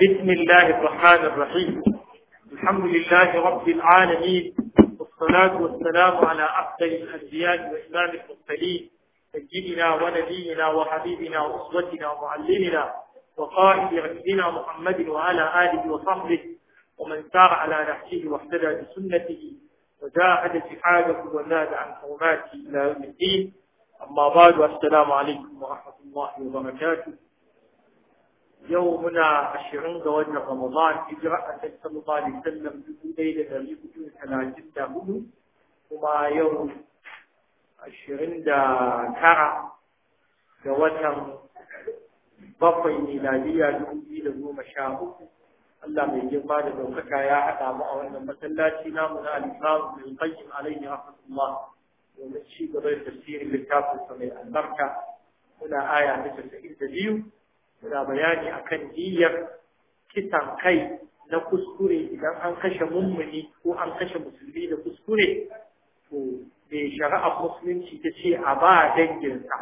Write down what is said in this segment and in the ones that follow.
بسم الله الرحمن الرحيم الحمد لله رب العالمين والصلاة والسلام على أفضل الأنبياء وإمام المرسلين سيدنا ونبينا وحبيبنا وأسوتنا ومعلمنا وقائد رسلنا محمد وعلى آله وصحبه ومن سار على نهجه واهتدى بسنته وجاهد جهاده وزاد عن حرماته إلى يوم الدين أما بعد والسلام عليكم ورحمة الله وبركاته yau muna ashirin ga wannan Ramadan hijira a sai sallallahu alaihi wasallam dubu ɗaya da ɗari hudu da talatin da hudu kuma yau ashirin da tara ga watan bakwai miladiya dubu biyu da goma sha uku Allah mai girma da ɗaukaka ya haɗa mu a wannan masallaci namu na al-Imam Ibn Qayyim alaihi rahmatullah domin ci gaba da tafsirin littafin mai albarka muna aya ta biyu. ga bayani akan diyyar kisan kai na kuskure idan an kashe mummuni ko an kashe musulmi da kuskure to me shari'ar musulunci ta ce a ba danginsa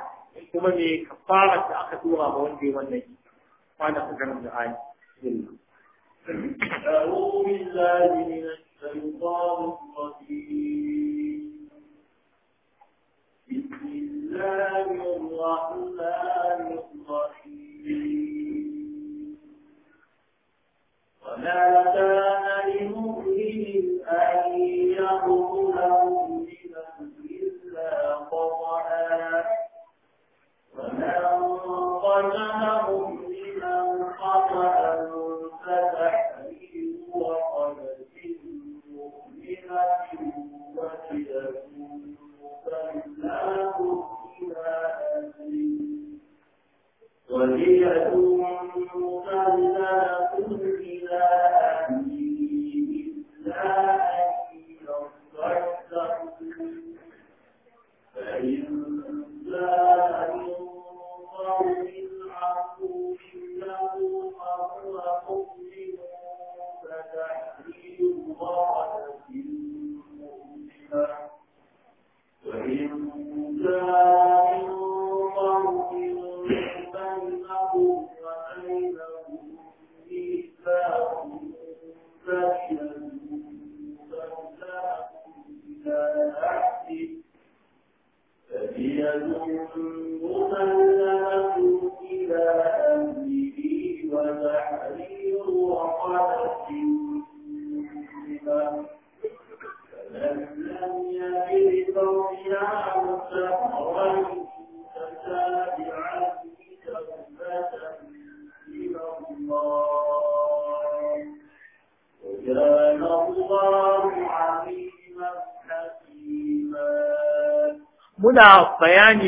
kuma me kafara da aka tura ba wanda ya wannan yi na ku ganin da ayi أعوذ بالله من الشيطان بسم الله الرحمن لا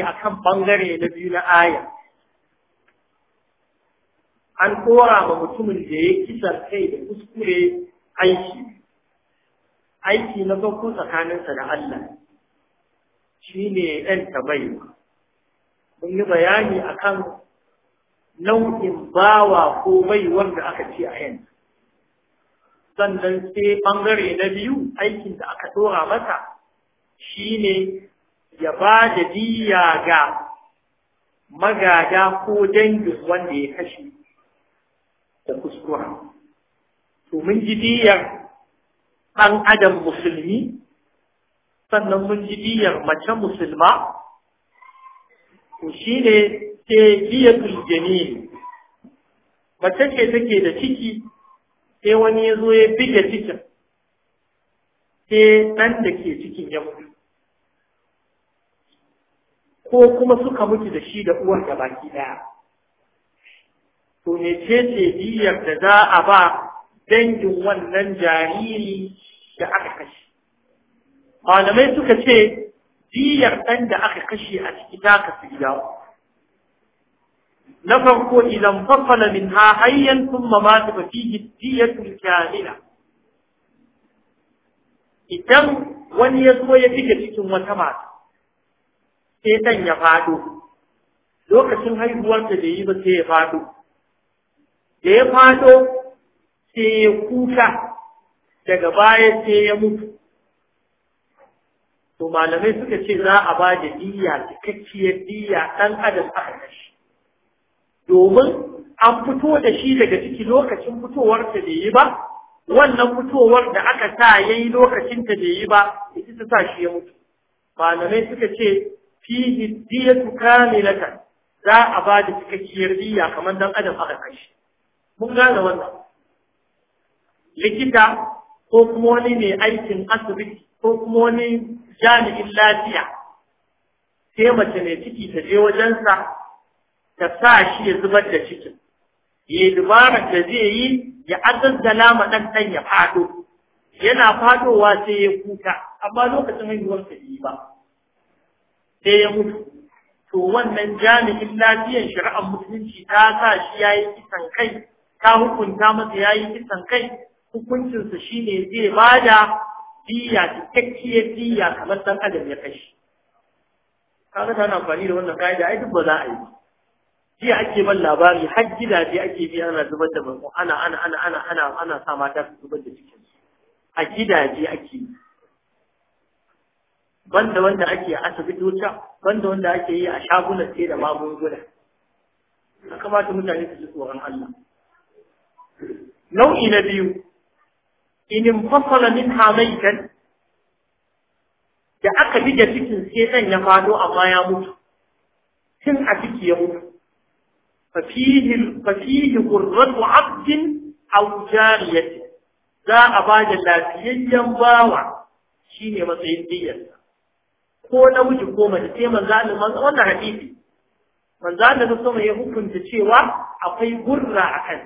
akan bangare na biyu na aya an kora ma mutumin da ya kisar kai da kuskure aiki aiki na farko tsakaninsa da Allah shi ne ɗan tabaiwa mun yi bayani akan nau'in bawa ko bai wanda aka ce a yanzu sannan sai bangare na biyu aikin da aka tora mata shi ne ya ba da diya ga magada ko dangin wanda ya kashe da kuskura. To mun ji diyar ɗan adam musulmi, sannan mun ji diyar mace musulma, to shi ne ke diyatul janin. Mace ce take da ciki, sai wani ya zo ya bige cikin, sai ɗan da ke cikin ya ko kuma suka mutu da shi da uwar da baki ɗaya. To mece ce diyar da za a ba dangin wannan jariri da aka kashe? Malamai suka ce diyar ɗan da aka kashe a ciki ta su gida na farko idan fafana min ha hayyan thumma mata fa fihi diyatul kamila idan wani ya zo ya fi cikin wata mata sai dan ya fado lokacin haihuwarsa da yi ba sai ya fado da ya fado sai ya kuka daga baya sai ya mutu to malamai suka ce za a ba da diya cikakkiyar diya ɗan adam aka kashi domin an fito da shi daga ciki lokacin fitowarsa da yi ba wannan fitowar da aka sa ya yi lokacinta da yi ba ita ta sa shi ya mutu malamai suka ce fihi diyatu kamilatan za a ba da cikakkiyar diya kamar dan adam aka kashi mun gane wannan likita ko kuma wani mai aikin asibiti ko kuma wani jami'in lafiya sai mace mai ciki ta je wajensa ta sa shi ya zubar da ciki ya dubara da zai yi ya azazzala ma ɗanɗan ya fado yana fadowa sai ya kuka amma lokacin haihuwar ta yi ba sai ya mutu to wannan jami'in lafiyan shari'ar musulunci ta sa shi ya yi kisan kai ta hukunta masa ya yi kisan kai hukuncinsa shine zai ba da diya cikakkiyar diya kamar ɗan adam ya kashi kaga ta na amfani da wannan ka'ida ai duk ba za a yi jiya ake ban labari har gidaje ake bi ana zubar da ana ana ana ana ana ana sa mata su zubar da cikin a gidaje ake yi banda wanda ake a asibitocin banda wanda ake yi a shagunan sai da magunguna a kamata mutane su ji tsoron Allah nau'i na biyu in infasala min hamaitan da aka bige cikin sai dan ya fado amma ya mutu tun a ciki ya mutu fafihi ففيه Abdin عبد أو za a ba da lafiyayyen bawa shine matsayin diyarsa ko na wuce ko mace sai manzo Allah wannan hadisi manzo Allah da sama ya hukunta cewa akwai gurra a kan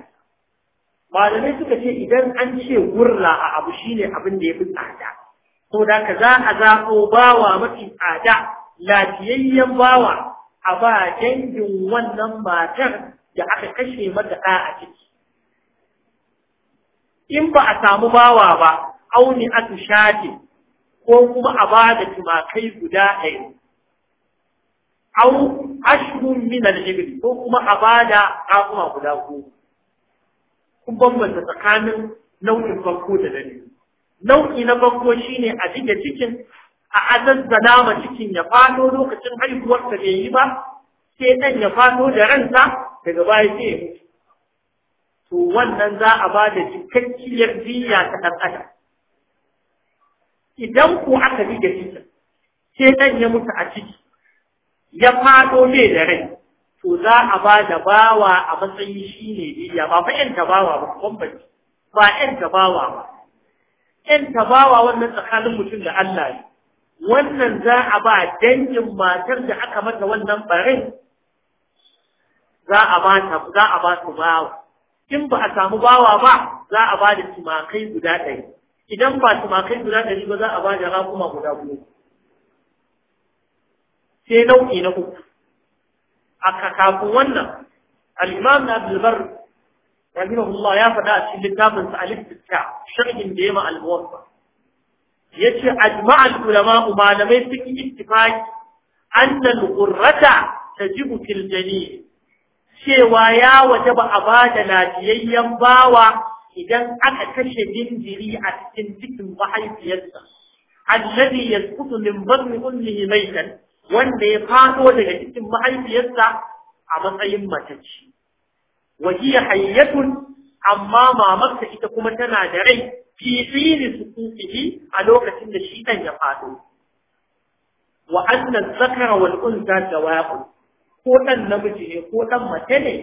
malamai suka ce idan an ce gurra a abu shine abin da yafi tsada ko da ka za a zaɓo bawa mafi tsada lafiyayyen bawa a ba dangin wannan matar da aka kashe mata ɗa a ciki in ba a samu bawa ba auni atu shatin ko kuma a ba da tumakai guda ɗaya au ashrun min al-ibl ko kuma a ba da guda goma kun bambanta tsakanin nau'in farko da na biyu nau'i na farko shine a jike cikin a azazzana ma cikin ya fado lokacin haihuwar ta bai yi ba sai dan ya fado da ransa daga baya sai mutu to wannan za a ba da cikakkiyar biya ta ɗan adam idan ku aka bi da cikin ke ɗan ya mutu a ciki ya faɗo mai da rai to za a ba da bawa a matsayin shi ne biya ba fa ‘yan tabawa ba bambanci ba ‘yan tabawa ba ‘yan tabawa wannan tsakanin mutum da Allah ne wannan za a ba dangin matar da aka mata wannan barin za a ba ta za a ba su bawa in ba a samu bawa ba za a ba da tumakai guda ɗari idan ba tumakai guda ɗari ba za a ba da raƙuma guda biyu. sai nau'i na uku a kafin wannan al'imam na bilbar rahimahullah ya faɗa a cikin littafinsa a alifta sharhin da ya ma al'uwarsa ya ce ajma'al ulama malamai sun yi ittifaki ta qurrata tajibu fil jani cewa ya waje ba a ba da lafiyayyen bawa idan aka kashe jinjiri a cikin cikin mahaifiyarsa alladhi yasqutu min batni ummihi maytan wanda ya fado daga cikin mahaifiyarsa a matsayin matacci wa hiya hayyatun amma mamarsa ita kuma tana da rai fi tsini sukufihi a lokacin da shi dan ya fado wa anna zakara wal ko ɗan namiji ne ko ɗan mace ne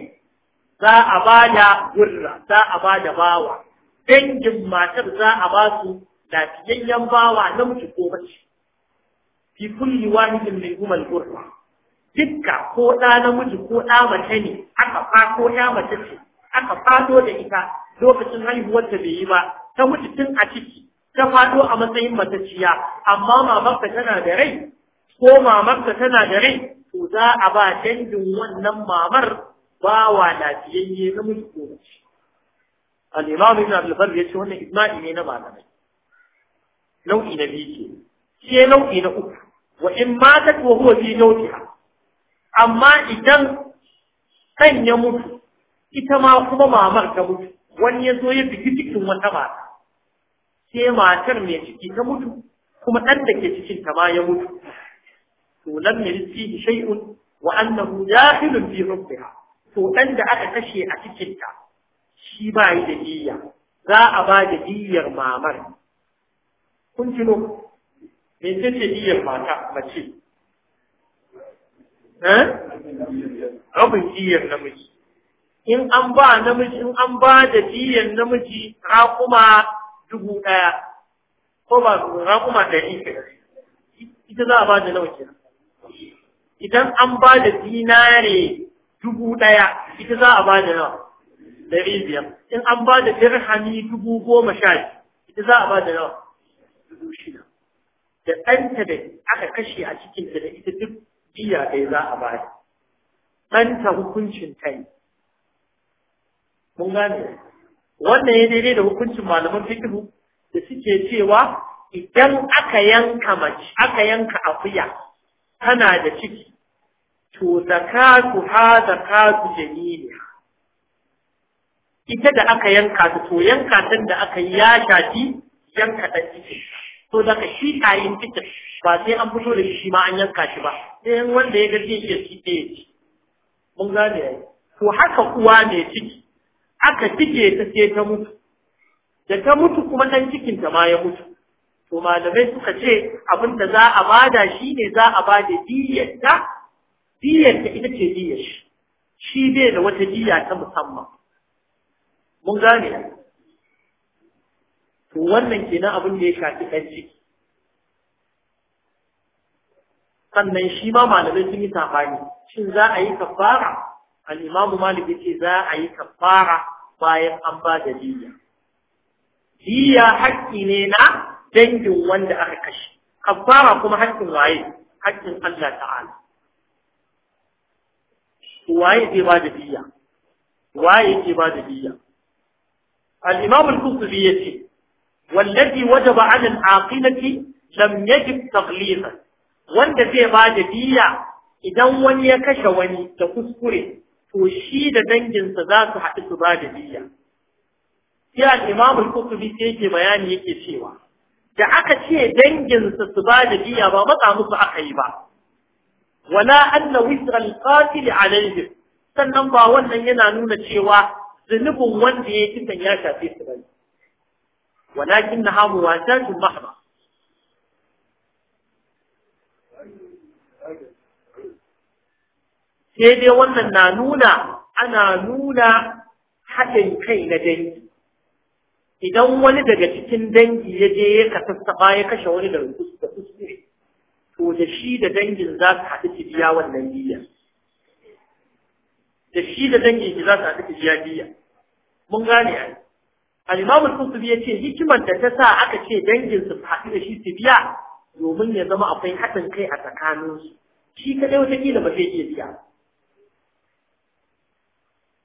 za a ba da gurra, za a ba da bawa dangin matar za a ba su lafiyayyen bawa na mutu ko mace fi kulli wahidin min humal gurra dukka ko ɗa namiji ko ɗa mace ne aka fako ya mace ce aka fado da ita lokacin haihuwar ta bai yi ba ta mutu tun a ciki ta fado a matsayin matacciya amma mamarka tana da rai ko mamarka tana da rai to za a ba dangin wannan mamar bawa lafiyayye na musu ko mace al-imam ibn abdul farr yace wannan ijma'i ne na malamai nau'i na biyu ke shi nau'i na uku wa in ta ko huwa fi nawtiha amma idan kan ya mutu ita ma kuma mamar ta mutu wani ya zo ya bigi cikin wata mata sai matar mai ciki ta mutu kuma ɗan da ke cikin ta ma ya mutu to lam yalfihi shay'un wa annahu dakhilun fi rubbiha to ɗan da aka kashe a cikinta shi ba yi da diya za a ba da diyar mamar kun tuno me ce ce diyar mata mace eh? rabin diyar namiji in an ba namiji in an ba da diyar namiji kuma dubu ɗaya ko ba kuma ɗari ita za a ba da nawa kenan idan an ba da dinare dubu ɗaya ita za a bada nawa ɗari biyar in an bada dirhami dubu goma sha ita za a bada nawa dubu shida da ɗanta da aka kashe a cikin ta da ita duk jiya ɗaya za a bada ɗanta hukuncin ta yi mun gane wannan ya daidai da hukuncin malaman fikihu da suke cewa idan aka yanka mace aka yanka akuya tana da ciki to zakatu ha zakatu jamiliha ita da aka yanka ta to yanka ta da aka yi ya shafi yanka ta ciki to daga shi tayin fitar ba sai an fito da shi ma an yanka shi ba sai wanda ya gaje shi shi ɗaya ci mun gane yayi to haka uwa ne ciki aka cike ta sai ta mutu da ta mutu kuma ɗan cikin ta ma ya mutu to malamai suka ce abin da za a bada shi ne za a bada ta? diyar ta ita ce diyar shi shi bai da wata diya ta musamman mun gane to wannan kenan abin da ya shafi ɗan ciki sannan shi ma malamai sun yi sabani shin za a yi kafara Alimamu imamu malik yace za a yi kafara bayan an ba da diya diya haƙƙi ne na dangin wanda aka kashe kafara kuma haƙƙin waye haƙƙin Allah ta'ala waye zai ba da diya waye ba da diya al-imam al-qurtubi yace wallazi wajaba 'ala al-aqilati lam yajib taghliza wanda zai ba da diya idan wani ya kashe wani da kuskure to shi da danginsa za su haɗu su ba da diya sai al-imam al-qurtubi yake bayani yake cewa da aka ce danginsa su ba da diya ba matsa musu aka yi ba wala anna wisra alqatil alayhi sannan ba wannan yana nuna cewa zunubin wanda ya kinta ya shafe su bane walakin na hamu wasatun mahma sai dai wannan na nuna ana nuna haɗin kai na dangi idan wani daga cikin dangi ya je ya kasassaɓa ya kashe wani da rukus da kuskure to da shi da dangin za su haɗu ki biya wannan biya. da shi da dangin ki za su haɗu ki biya biya. mun gane ai al-imamul qurtubi ce hikimar da ta sa aka ce dangin su haɗu da shi su biya domin ya zama akwai haɗin kai a tsakaninsu shi kadai wata kila ba zai iya biya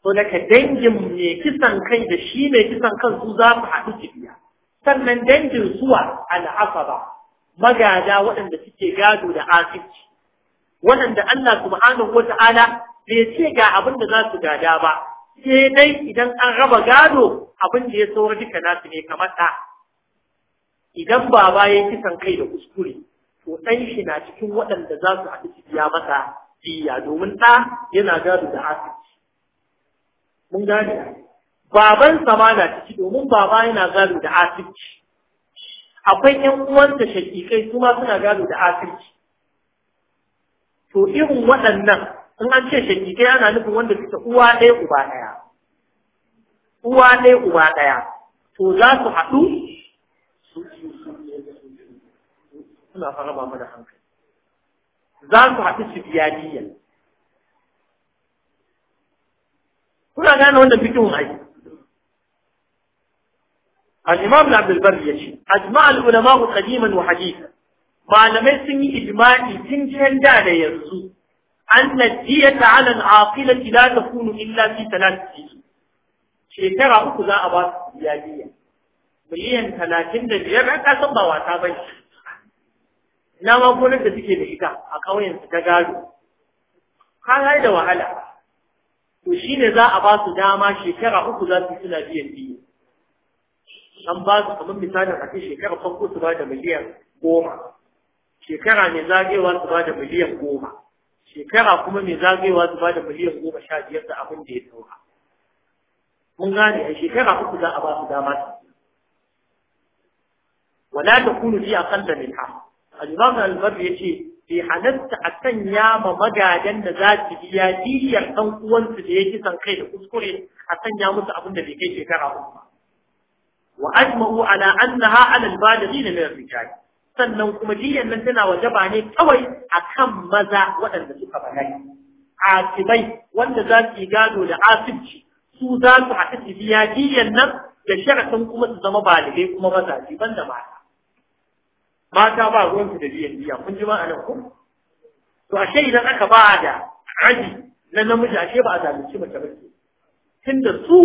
to daga dangin mai kisan kai da shi mai kisan kansu za su haɗu su biya sannan dangin suwa ba. magada waɗanda suke gado da asibci waɗanda Allah subhanahu wata'ala bai ce ga abin da za su gada ba sai dai idan an raba gado abin da ya saura duka nasu ne kamar ɗa idan baba ya kisan kai da kuskure to ɗan shi na cikin waɗanda za su haɗu su masa biya domin ɗa yana gado da asibci mun gane baban sama na ciki domin baba yana gado da asibci akwai ƴan uwanta shakikai su ma suna gado da asirci to irin waɗannan in an ce shakikai ana nufin wanda suka uwa ɗaya uba ɗaya uwa ɗaya uba ɗaya to za su haɗu suna faraba mana hankali za su haɗu su biya diyyar kuna gane wanda bikin aiki al-imam ibn abdul bar yace ajma'a al-ulama qadiman wa hadithan malamai sun yi ijma'i tun can da da yanzu anna diyata 'ala al-aqila la takunu illa fi thalathati shekara uku za a ba su biya miliyan talatin da biyar an kasan ba wata ba na magunan da suke da ita a ƙauyensu ta gado har da wahala to za a ba su dama shekara uku za su suna biyan biyu an ba su kamar misalin a shekarar farko su ba da miliyan goma shekara mai zagewa su ba da miliyan goma shekara kuma mai zagewa su ba da miliyan goma sha biyar da abin da ya saura mun gane a shekara uku za a ba su dama su wala da kunu fi aqalla minha al da al ya ce bai halatta a kan yama magadan da za su biya diyar ɗan uwansu da ya kisan kai da kuskure a sanya musu abin da bai kai shekara uku ba wa ajma'u ala annaha ala al-balighin min ar-rijal sannan kuma diyan nan tana wajaba ne kawai akan maza waɗanda suka balaga akibai wanda za su gado da asibci su za su haɗu su biya diyan nan da sharaɗin kuma su zama baligai kuma ban da mata mata ba ruwansu da biyan biya kun ji ma'anar ku to ashe idan aka ba da aji na namiji ashe ba a zalunci mace ba ce tunda su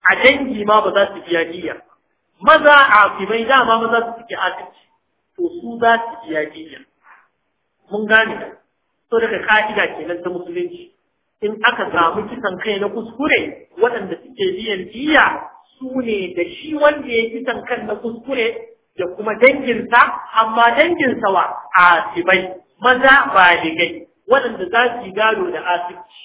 a dangi ma ba za su biya niyya maza a dama maza su suke adalci to su za su biya diya mun gane so daga ka'ida kenan ta musulunci in aka samu kisan kai na kuskure waɗanda suke biyan jiya, su ne da shi wanda ya kisan kan na kuskure da kuma danginsa amma danginsa wa asibai maza baligai waɗanda za su yi gado da asibci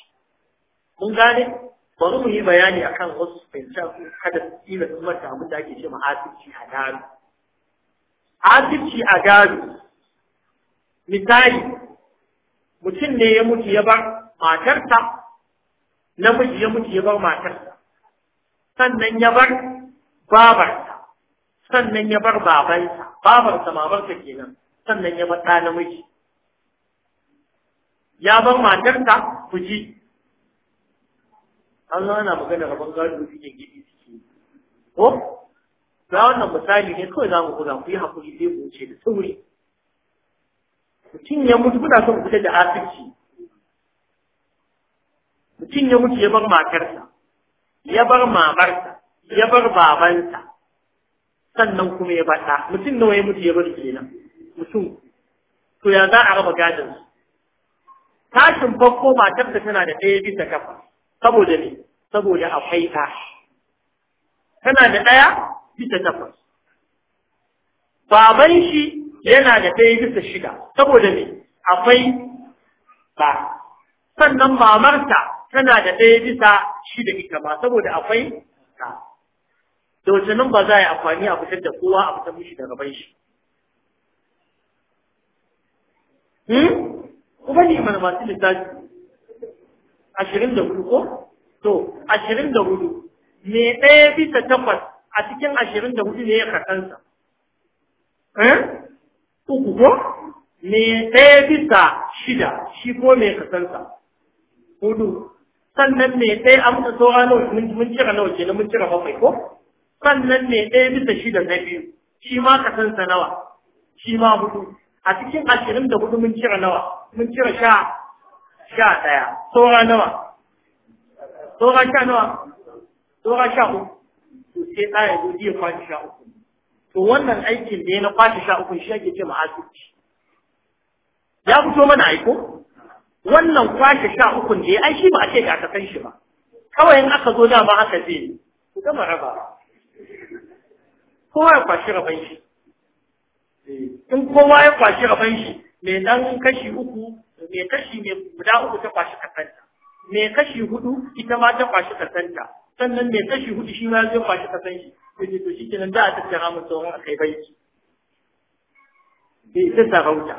mun gane bari mu yi bayani akan wasu fahimtar kada su kila su mata abin da ake ce ma asibci a gado asibci a gado misali mutum ne ya mutu ya bar matarsa namiji ya mutu ya bar matarsa sannan ya bar babarsa sannan ya bar babansa babarsa mamarsa kenan sannan ya bar ɗa namiji ya bar matarsa ku ji an zo magana rabon gado cikin gidi suke ko ga wannan misali ne kawai za mu buga ku yi hakuri sai ku wuce da sauri mutum ya mutu kuna son fitar da asirci mutum ya mutu ya bar matarsa ya bar mamarsa ya bar babansa sannan kuma ya baɗa mutum nawa ya mutu ya bar kenan mutum to ya za a raba gadinsu. tashin farko matarsa tana da ɗaya bisa kafa saboda ne saboda akwai ta tana da ɗaya bisa takwas baban shi yana da ɗaya bisa shida saboda me akwai ba sannan mamarsa tana da ɗaya bisa shida ita ma saboda akwai ta da nan ba za a yi amfani a fitar da kowa a fitar mishi da gaban shi hmm? kuma ne mana masu lissafi ashirin da hudu ko to ashirin da hudu me ɗaya bisa takwas a cikin ashirin da hudu ne ya kasansa eh? uku ko me ɗaya bisa shida shi ko me kasansa hudu sannan me ɗaya an ta saura nawa mun cira nawa kenan mun cira bakwai ko sannan me ɗaya bisa shida na biyu shi ma kasansa nawa shi ma hudu a cikin ashirin da hudu mun cira nawa mun cira sha sha ɗaya saura nawa sauran sha nawa sauran sha uku to sai ɗa ya zo ya kwashe sha uku to wannan aikin da ya na kwashe sha uku shi ake ce ma asibiti ya fito mana aiko wannan kwashe sha uku da ya ai shi ba a ce da aka san shi ba kawai in aka zo dama aka je ku gama raba kowa ya kwashi raban shi eh, in kowa ya kwashi raban shi mai dan kashi uku mai kashi mai guda uku ta kwashi kasanta mai kashi hudu ita ma ta kwashi kasanta sannan mai kashi hudu shi ma zai kwashi kasan shi to ne to shikenan da a tattara mu sauran akai baiki bai ta sarauta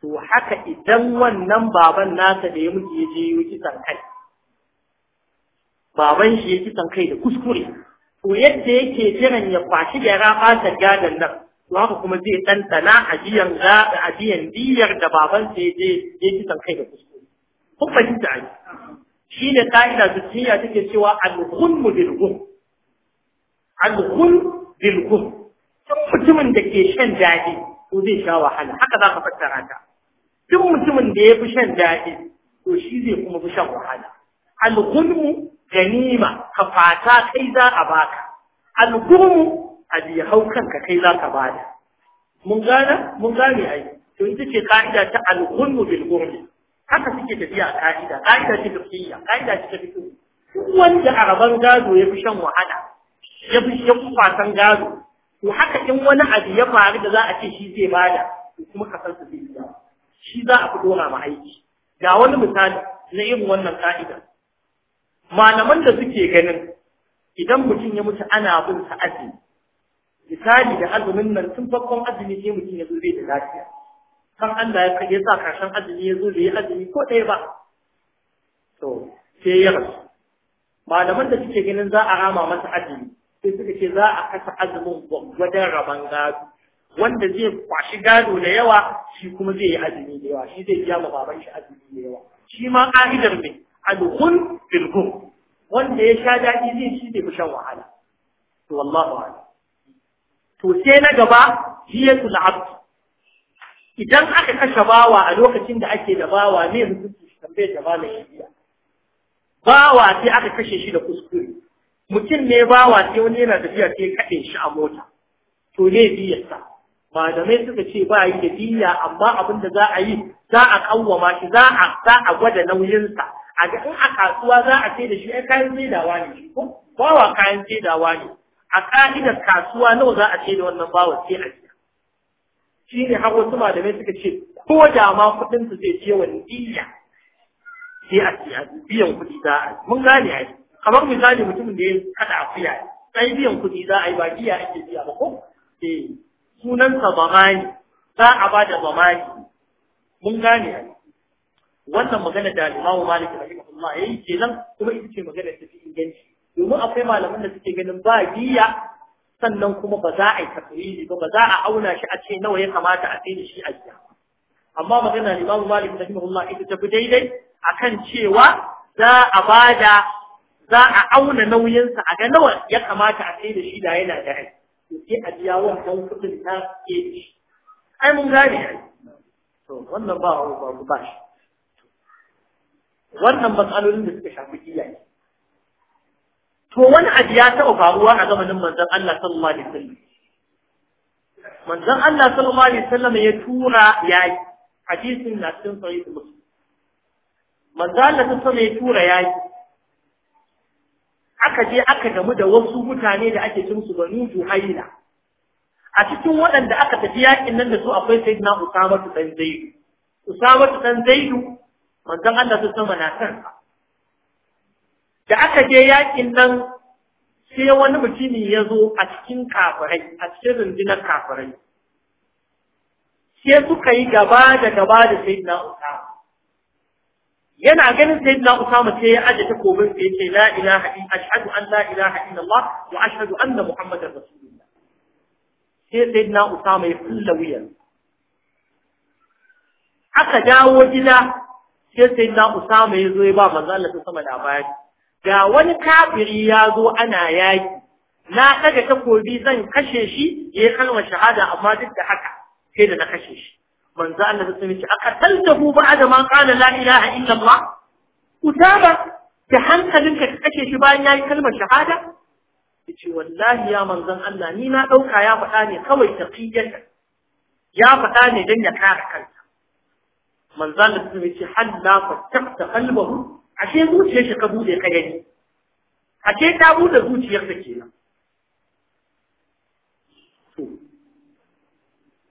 to haka idan wannan baban nasa da ya mutu ya je yi kisan kai baban shi ya kisan kai da kuskure to yadda yake jiran ya kwashi da ya ta gadon nan to haka kuma zai ɗanɗana ajiyan ajiyan diyar da baban sai je ya kisan kai da kuskure kun fahimta ai shi ne ƙa'ida su tiya take cewa alhulmu dilhum alhul dilhum duk mutumin da ke shan daɗi to zai sha wahala haka za ka fassara ta duk mutumin da ya fi shan daɗi to shi zai kuma fi shan wahala alhulmu ganima ka fata kai za a baka alhulmu abi hau kanka kai za ka bada mun gane mun gane ai to ita ce ka'ida ta alhulmu haka suke tafiya a ka'ida ka'ida ce tafiya ka'ida ce ta fito duk wanda a rabar gado ya fi shan wahala ya fi shan kwasan gado to haka in wani abu ya faru da za a ce shi zai bada to kuma ka san zai biya shi za a fi ma aiki ga wani misali na irin wannan ka'ida malaman da suke ganin idan mutum ya mutu ana bin sa azumi misali da azumin nan tun farkon azumi ne mutum ya zo zai da lafiya kan Allah ya sa karshen azumi ya zo da yi azumi ko ɗaya ba to sai ya rasu malaman da suke ganin za a rama masa azumi sai suka ce za a kasa azumin gwagwadon raban gado wanda zai kwashi gado da yawa shi kuma zai yi azumi da yawa shi zai biya ma baban shi azumi da yawa shi ma ka'idar ne alhun bilhun wanda ya sha daɗi zai shi fi shan wahala to wallahu ala. to sai na gaba hiyatul abd idan aka kashe bawa a lokacin da ake da bawa ne hukunci shi tambaye da malamin biya bawa sai aka kashe shi da kuskure mutum ne bawa sai wani yana da biya sai kaɗe shi a mota to ne biyarsa malamai suka ce ba yi da biya amma abin da za a yi za a kawwama shi za a za a gwada nauyinsa a ga in a kasuwa za a sai da shi ai kayan saidawa ne shi ko bawa kayan saidawa ne a ka'idar kasuwa nawa za a sai da wannan bawa sai a shi ne har wasu malamai suka ce ko da ma kuɗin su zai je wani iya sai a siya biyan kuɗi za a mun gane yi kamar misali mutumin da ya kada akuya sai biyan kuɗi za a yi ba iya ake biya ba ko eh sunansa zamani za a ba da zamani mun gane yi wannan magana da Imam Malik rahimahullah yayi kenan kuma ita ce magana ta fi inganci domin akwai malaman da suke ganin ba biya sannan kuma ba za a yi tafiyi ba ba za a auna shi a ce nawa ya kamata a sai shi a gida amma magana ne babu malik rahimahullah ita ta fi daidai akan cewa za a bada za a auna nauyinsa a ga nawa ya kamata a sai da shi da yana da rai to sai a biya wannan kuɗin ta ke shi ai mun gane to wannan ba ba ba shi wannan matsalolin da suka shafi iyaye to wani abu ya taɓa faruwa a zamanin manzon Allah sallallahu alaihi wasallam manzon Allah sallallahu alaihi wasallam ya tura yayi hadisin na cikin sahih muslim manzon Allah sallallahu alaihi ya tura yayi aka je aka gamu da wasu mutane da ake cin su nutu haila. a cikin waɗanda aka tafi yakin nan da su akwai na Usama dan Zaidu Usama dan Zaidu manzon Allah sallallahu alaihi wasallam na kansa da aka je yakin nan sai wani mutumi ya zo a cikin kafirai a cikin rundunar kafirai sai suka yi gaba da gaba da sai na usa yana ganin sai na usa mu sai ya aje takobin sai ce la ilaha in ashhadu an la ilaha illallah wa ashhadu anna muhammadar rasulullah sai sai na usa mai fulla wuyan aka dawo gida sai sai na usa mai zo ya ba manzo Allah sama da bayani ga wani kafiri ya zo ana yayi na ɗaga takobi zan kashe shi ya yi kalmar shahada amma duk da haka sai da na kashe shi manzo Allah sai ya ce aka tallahu ba'da ma qala la ilaha illa Allah kutaba da hankalinka ka kashe shi bayan ya yi kalmar shahada yace wallahi ya manzon Allah ni na ɗauka ya faɗa ne kawai ta taqiyyar ya faɗa ne don ya kare kansa manzon Allah sai ya ce halla fatakta qalbahu ashe zuciyar shi ka bude ka gani ashe ta bude zuciyarsa kenan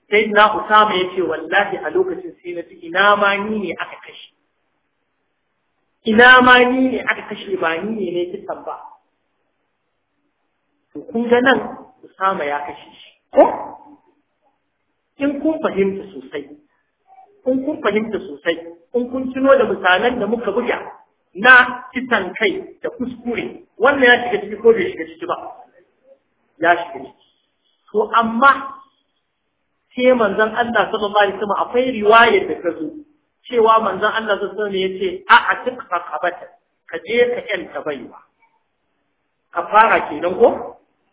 sai na Usama ya ce wallahi a lokacin sai na ji ina ma ni ne aka kashe ina ma ni ne aka kashe ba ni ne ne kisan ba to kun ga nan Usama ya kashe shi ko in kun fahimta sosai in kun fahimta sosai in kun tuno da misalan da muka buga na kisan kai da kuskure wannan ya shiga ciki ko bai shiga ciki ba ya shiga ciki to amma sai manzon Allah sallallahu alaihi wasallam akwai riwaya da ta zo cewa manzon Allah sallallahu alaihi wasallam yace a atik raqabata ka je ka yanta baiwa kafara kenan ko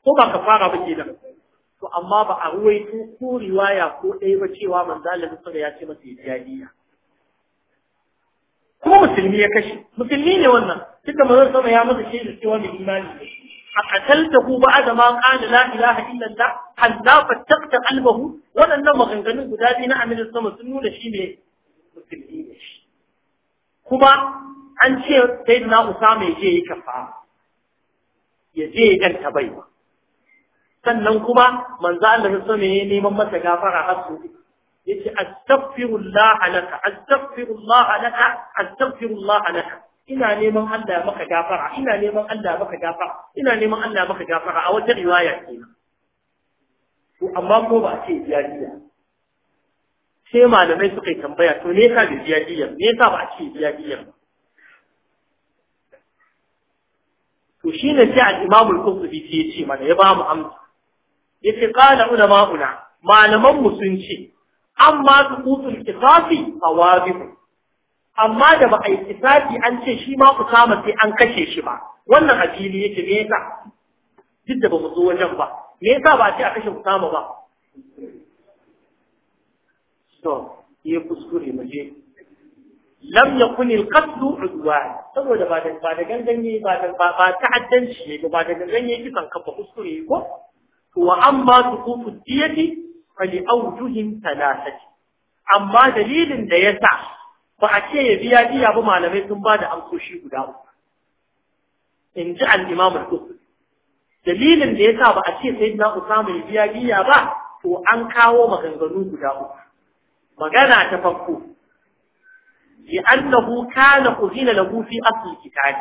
ko ba kafara ba kenan to amma ba a ruwaito ko riwaya ko ɗaya ba cewa manzon Allah sallallahu alaihi wasallam ya ce masa yadiya kuma musulmi ya kashe musulmi ne wannan duka mazan sama ya masa da cewa mai imani ne a katalta ku ba adama qala la ilaha illallah hal la fattaqta qalbahu wadannan maganganun guda biyu na aminin sama sun nuna shi ne musulmi ne kuma an ce sayyidina usama ya je yi kafa ya je ya ganta baiwa sannan kuma manzo Allah ya so neman masa gafara har su yace astaghfirullah laka astaghfirullah laka astaghfirullah laka ina neman Allah maka gafara ina neman Allah maka gafara ina neman Allah maka gafara a wata riwaya kenan to amma ko ba a ce biya diya sai malamai suka yi tambaya to ne ka da biya diya ne ka ba a ce biya diya ba to shine sai al-Imam al-Qurtubi sai ya ce mana ya ba mu amsa yace qala ulama'una malaman mu sun ce amma kisafi a fawabihu amma da ba a yi kisafi an ce shi ma Usama sai an kashe shi ba wannan a fili yake me yasa duk da ba mu zo wajen ba me yasa ba a ce a kashe ku Usama ba to ya kuskure mu je lam yakun al-qatl udwan saboda ba da ba da ganganye ba da ba ta'addanci ne ba da ganganye kisan kafa kuskure ko wa amma sukutu diyati fali aujuhin talatati amma dalilin da ya sa ba a ce ya biya biya ba malamai sun ba da amsoshi guda uku in ji al-imam al dalilin da ya sa ba a ce sai na usama ya biya biya ba to an kawo maganganu guda uku magana ta farko لأنه كان أذن له في أصل الكتاب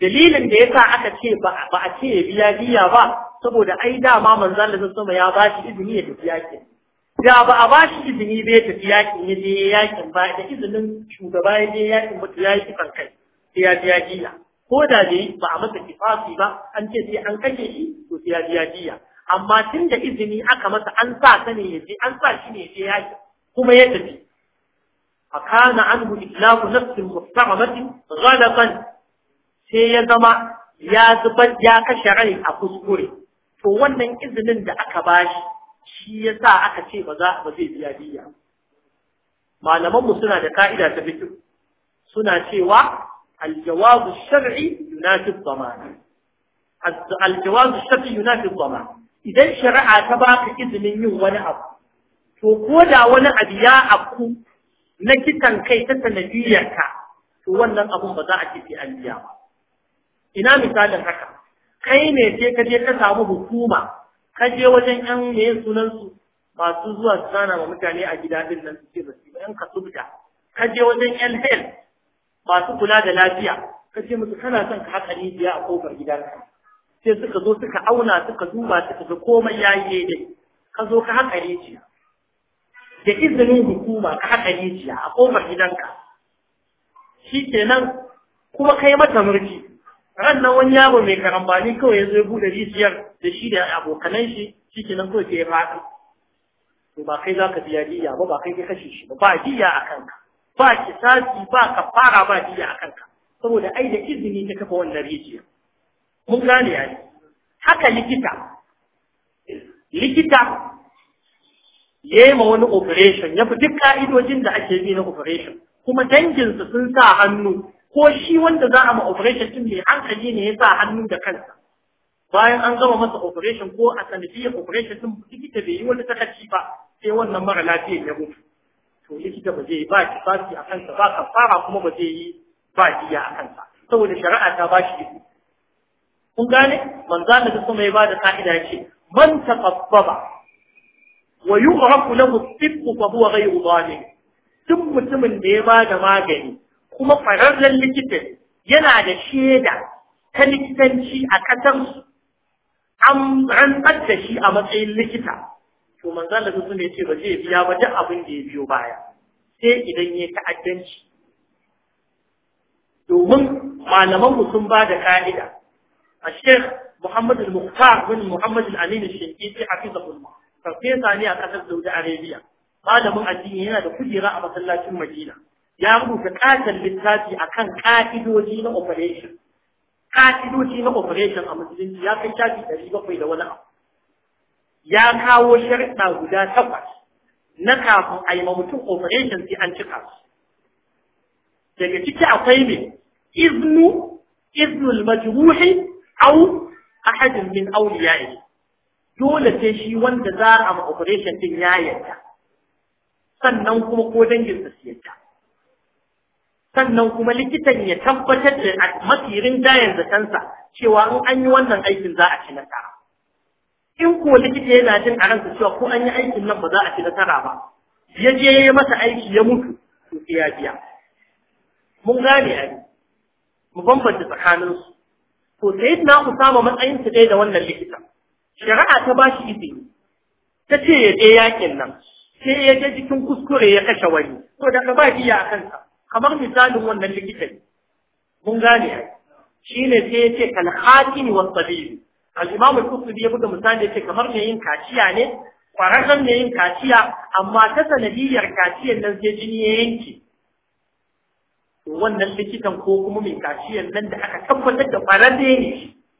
dalilin da yasa aka ce ba a ce ya biya biya ba saboda ai dama manzo da sama ya ba shi izini ya tafi yakin da ba a ba shi izini bai tafi yakin ya je yakin ba da izinin shugaba ya je yakin mutu ya yi kifan kai sai ya ji ya jiya ko da bai ba a masa kifafi ba an ce sai an kashe shi to sai ya ji ya jiya amma tun da izini aka masa an sa ta ne ya je an sa shi ne ya je yakin kuma ya tafi an bu إطلاق nafsin محترمة غلقا sai ya zama ya zubar ya kashe rai a kuskure to wannan izinin da aka bashi shi ya sa aka ce ba za ba zai biya biya Malamanmu suna da ka'ida ta fiqh suna cewa al-jawab ash-shar'i yunafi ad-daman al shari yunafi ad idan shari'a ta baka izinin yin wani abu to ko da wani abu ya abu na kitan kai ta sanadiyarka to wannan abun ba za a ce sai an biya ba ina misalin haka kai ne sai ka je ka samu hukuma ka je wajen yan ne sunan su masu zuwa sana ma mutane a gida din nan su ce ba su yan kasubta ka je wajen yan hel masu kula da lafiya ka ce musu kana son ka haka rijiya a kofar gidanka sai suka zo suka auna suka duba suka ga komai ya yi ne ka zo ka haka rijiya da izinin hukuma ka haka rijiya a kofar gidanka shi kenan kuma kai mata murki. rannan wani yaro mai karambani kawai ya zo ya buɗe rijiyar da shi da abokanan shi shi ke nan kawai ke fata to ba kai za ka biya diya ba ba kai ka kashe shi ba ba diya a kanka ba ki kisasi ba ka fara ba diya a kanka saboda ai da izini ta kafa wannan rijiyar mun gane ya ne haka likita likita ya yi ma wani operation ya fi duk ka'idojin da ake bi na operation kuma danginsa sun sa hannu ko shi wanda za a ma operation din mai hankali ne ya sa hannu da kansa bayan an gama masa operation ko a sanadiyar operation din likita bai yi wani takaci ba sai wannan mara lafiyar ya mutu to likita ba zai ba ki a kansa ba ka fara kuma ba zai yi ba diya a kansa saboda shari'a ta ba shi iko kun gane manzana da sama ya ba da ka'ida ya ce man taqabbaba wa yughraku lahu tibbu fa huwa ghayru zalim duk mutumin da ya ba da magani kuma kwararren likita yana da shaida ta likitanci a ƙasar an rantsar da shi a matsayin likita to manzon da sun ce ba zai biya ba duk abin da ya biyo baya sai idan ya ta'addanci domin malaman mu sun ba da ka'ida a shekh Muhammad al-Muqtar bin Muhammad al-Amin al-Shinkiti hafizahullah farfesa ne a ƙasar Saudi Arabia malamin addini yana da kujera a masallacin Madina ya rubuta katon littafi akan ka'idoji na operation ka'idoji na operation a musulunci ya kai shafi ɗari bakwai da wani abu ya kawo sharɗa guda takwas na kafin a yi ma mutum operation sai an cika su daga ciki akwai ne iznu iznul majruhi au ahadin min awliyaihi dole sai shi wanda za a ma operation din ya yarda sannan kuma ko dangin sa su yarda sannan kuma likitan ya tabbatar da masirin dayan zatansa cewa in an yi wannan aikin za a ci nasara in ko likita yana jin a ransa cewa ko an yi aikin nan ba za a ci nasara ba ya je ya masa aiki ya mutu to sai ya biya mun gane ai mu bambanta tsakanin su to sai na ku sama matsayin su da wannan likita shari'a ta bashi izini ta ce ya je yakin nan sai ya je jikin kuskure ya kashe wani to daga ba biya a kansa kamar misalin wannan likitan mun gane shi ne sai ya ce kal khatimi was tabibi al imam al ya buga misali ya ce kamar ne yin kaciya ne kwararren ne yin kaciya amma ta sanadiyar kaciyar nan sai jini ya yanke wannan likitan ko kuma mai kaciyar nan da aka tabbatar da kwararre ne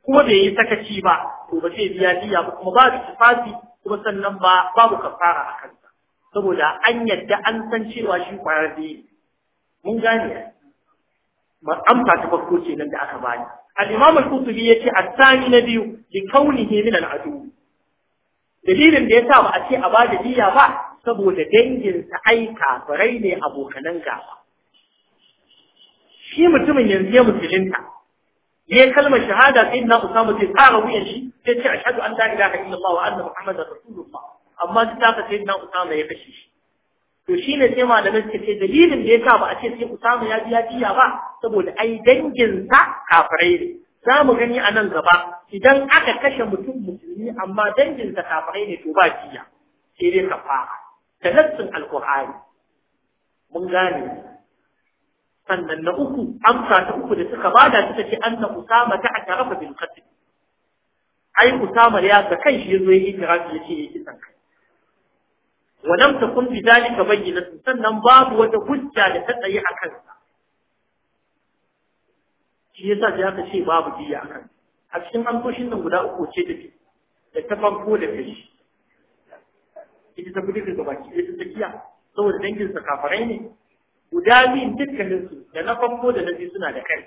kuma bai yi sakaci ba to ba sai biya diya ba kuma babu tufafi kuma sannan ba babu kafara a kansa saboda an yadda an san cewa shi kwararre ne mun gane amsa ta farko ce nan da aka bani al-imam al-qutubi yace at-thani na biyu li kaunihi min al-adu dalilin da yasa ba a ce a bada diya ba saboda dangin sa ai kafirai ne abokanan gaba shi mutumin yanzu ya musulunta ya kalmar shahada sai na usama sai tsara wuyan shi sai ce ashhadu an la ilaha illallah wa anna muhammadar rasulullah amma duk da sai na usama ya kashe shi to shi ne sai malamin su ce dalilin da ya sa ba a ce sai ku samu ya biya biya ba saboda ai danginsa kafirai ne za mu gani a nan gaba idan aka kashe mutum musulmi amma danginsa kafirai ne to ba jiya. sai dai kafara da nassin alkur'ani mun gane sannan na uku amsa ta uku da suka bada suka ce na usama ta tarafa bin qatl ai usama ya ga kan shi ya ya yi itirafi yace ya kisan kai bi sannan babu wata hujja da ta وتهجة لتتأي أكنسا shi yasa sai aka ce babu diya akan a cikin hankoshin nan guda uku ce take da ta banko da kashi ita ta bude daga baki ita ta kiya saboda dangin sa kafarai ne guda biyun dukkanin su da na farko da na biyu suna da kai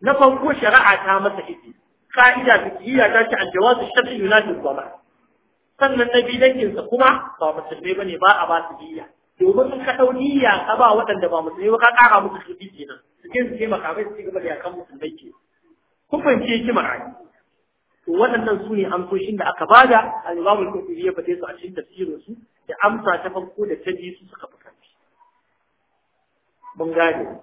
na farko shari'a ta masa izini ka'ida fikiyya ta ce aljawazu Shafi yunatu dhama sannan na biyu danginsa kuma ba musulmai bane ba a ba su diya domin sun ka dau niyya ka ba waɗanda ba musulmi ba ka ƙara musu kuɗi kenan su je su taimaka mai su ci gaba da yakan musulmai ke kun fahimci hikimar ai to waɗannan su ne amsoshin da aka bada a imam al-Qurtubi ya fate su a cikin tafsirin su da amsa ta farko da ta biyu su suka fuskanci mun gane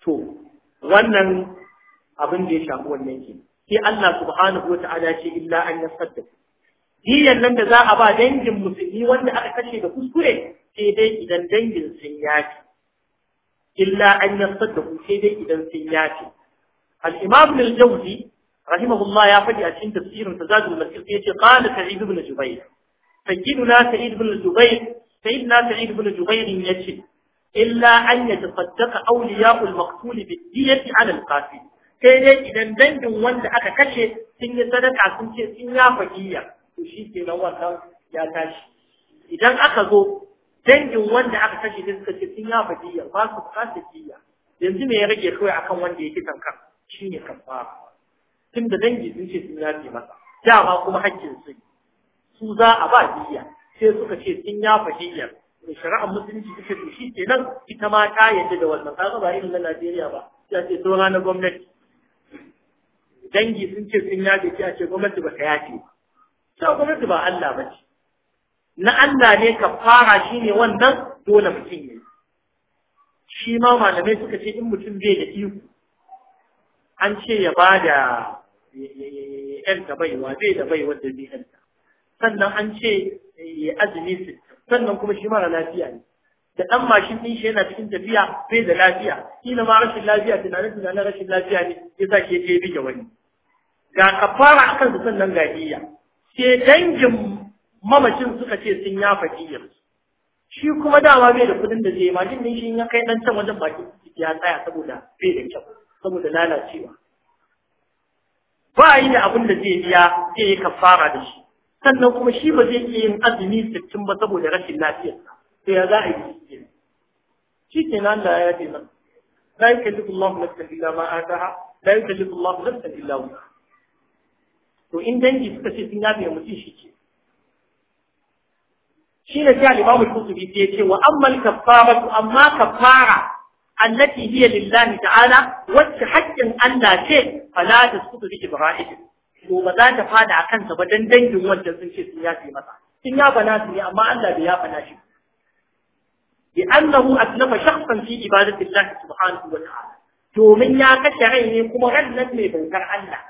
to wannan abin da ya shafi wannan kenan sai Allah subhanahu wa ta'ala ce illa an yasadda diyan nan da za a ba dangin musulmi wanda aka kashe da kuskure sai dai idan dangin sun yafi illa an yasadda sai dai idan sun yafi al-imam al-jawzi rahimahullah ya faɗi a cikin tafsirin sa, tazadul masir sai yace qala sa'id ibn jubayr sayyiduna sa'id ibn jubayr sayyiduna sa'id ibn jubayr yace illa an yatasaddaqa awliya'ul maqtul bid-diyati 'ala al-qatil sai dai idan dangin wanda aka kashe sun yi sadaka sun ce sun ya fakiya to shi ke nan wannan ya tashi idan aka zo dangin wanda aka kashe sun ce sun ya fakiya ba su bukatar kiyya yanzu me ya rage kawai akan wanda ya kisan tankar shi ne kafara tun da dangi sun ce sun yafe masa dama kuma hakkin su su za a ba kiyya sai suka ce sun ya fakiya da shari'ar musulunci suka ce shi kenan ita ma ta yadda da wannan kaga ba irin na Najeriya ba ya ce tsohon na gwamnati dangi sun ce sun yafe ki a ce gwamnati ba ta yafe ba to gwamnati ba Allah ba ce na Allah ne ka fara shi ne wannan dole mutum ya yi shi ma malamai suka ce in mutum bai da iko an ce ya ba da yanta baiwa bai da baiwa da bai sannan an ce ya azumi su sannan kuma shi mara lafiya ne da ɗan mashin ɗin shi yana cikin tafiya bai da lafiya kila ma rashin lafiya tunanin tunanin rashin lafiya ne ya sa ke je bige wani ga kafara akan su sannan ga iya sai dangin mamacin suka ce sun faɗi diyar shi kuma dama bai da kudin da zai yi majin din shi ya kai dan can wajen baki ya tsaya saboda bai da kyau saboda lalacewa ba yi da abin da zai biya sai ya kafara da shi sannan kuma shi ba zai iya yin azumi sittin ba saboda rashin lafiyar. sai ya za a yi shi ke nan da ya ce nan la yukallifu Allahu nafsan illa ma ataha la yukallifu Allahu nafsan illa wusa to in dangi suka ce sun yafe mutum shi ke shi ne sai al-imamu al-qutubi sai ya ce wa ammal kaffaratu amma kaffara allati hiya lillahi ta'ala wacce haƙƙin Allah ce fala tasqutu bi ibrahim to ba za ta fada a kansa ba dan dangin wanda sun ce sun yafe masa sun yafa nasu ne amma Allah bai yafa nashi bi annahu aslafa shakhsan fi ibadati Allah subhanahu wa ta'ala domin ya kashe rai ne kuma rannan mai bautar Allah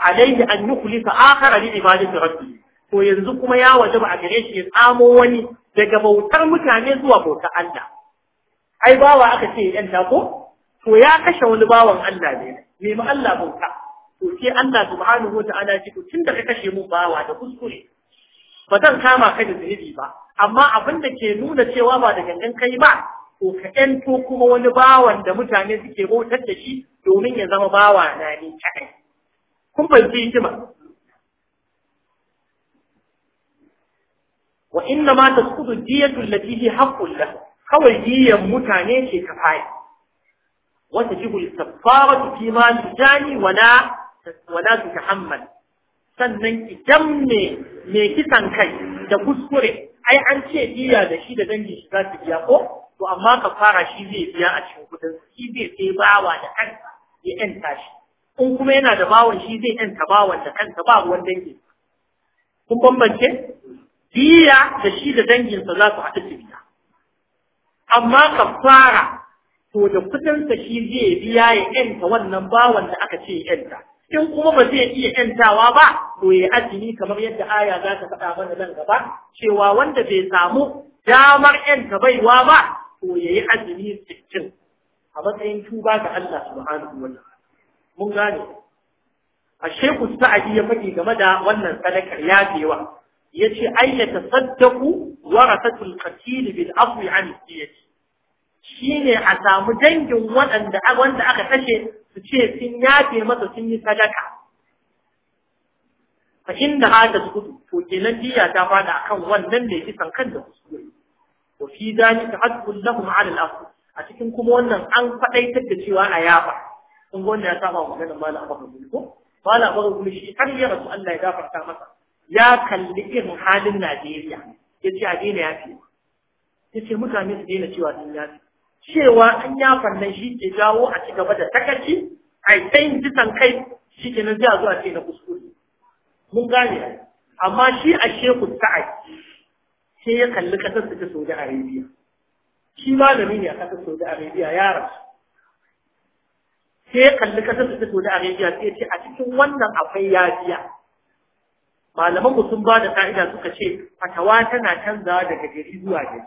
alaihi an yukhlisa akhara li ibadati rabbih to yanzu kuma ya ba a gare shi ya tsamo wani daga bautar mutane zuwa bautar Allah ai bawa aka ce yan ko to ya kashe wani bawan Allah ne me ma Allah bauta to sai Allah subhanahu wataala ce tun da ka kashe mu bawa da kuskure ba zan kama ka da zunubi ba amma abin da ke nuna cewa ba da gangan kai ba Ko ka ƴanto kuma wani bawan da mutane suke bautar da shi domin ya zama bawa na ne kaɗai kun fahimci hikima wa inna ma tasqutu diyatu allati fi haqqun lahu kawai diyan mutane ce ka wa Wata al-kaffaratu fi ma tijani wala wala su tahammal sannan idan me me kisan kai da kuskure ai an ce diya da shi da dangin shi za biya ko to amma ka fara shi zai biya a cikin kudin shi zai sai bawa da kansa ya yanta shi in kuma yana da bawan shi zai yanta bawan da kanta ba ruwan dangi kun bambance biya da shi da danginsa za su haɗu su biya amma kafara to da kudinsa shi zai biya ya yanta wannan bawan da aka ce yanta in kuma ba zai iya yantawa ba to ya azumi kamar yadda aya za ta faɗa mana nan gaba cewa wanda bai samu damar yanta baiwa ba to ya yi azumi sittin a matsayin tuba ga Allah subhanahu wa ta'ala mun gane a sheku sa'adi ya faɗi game da wannan sadakar ya ya ce ai ya tasaddaku warasatul qatil bil afwi an siyati shine a samu dangin waɗanda wanda aka kashe su ce sun yafe masa sun yi sadaka fa inda hada su kudu to kenan diya ta fada akan wannan mai kisan kan da kuskure wa fi ta hadu lahum ala al a cikin kuma wannan an faɗaitar da cewa a yafa kun ga wanda ya saba wa maganar malam Ahmad Gumi ko malam Ahmad Gumi shi har ya rasu Allah ya gafarta masa ya kalli irin halin Najeriya ya ce a daina yafi ya ce mutane su daina cewa sun yafi cewa an ya nan shi ke jawo a ci gaba da takaci a yi jisan kai shi ke nan zuwa ce na kuskure mun gane amma shi a sheku sa'ai sai ya kalli kasar su ta Saudi Arabia shi malami ne a kasar Saudi Arabia ya rasu sai ya kalli kasar da ta Saudi Arabia sai ce a cikin wannan akwai yafiya malaman mu sun ba da ka'ida suka ce fatawa tana canzawa daga gari zuwa gari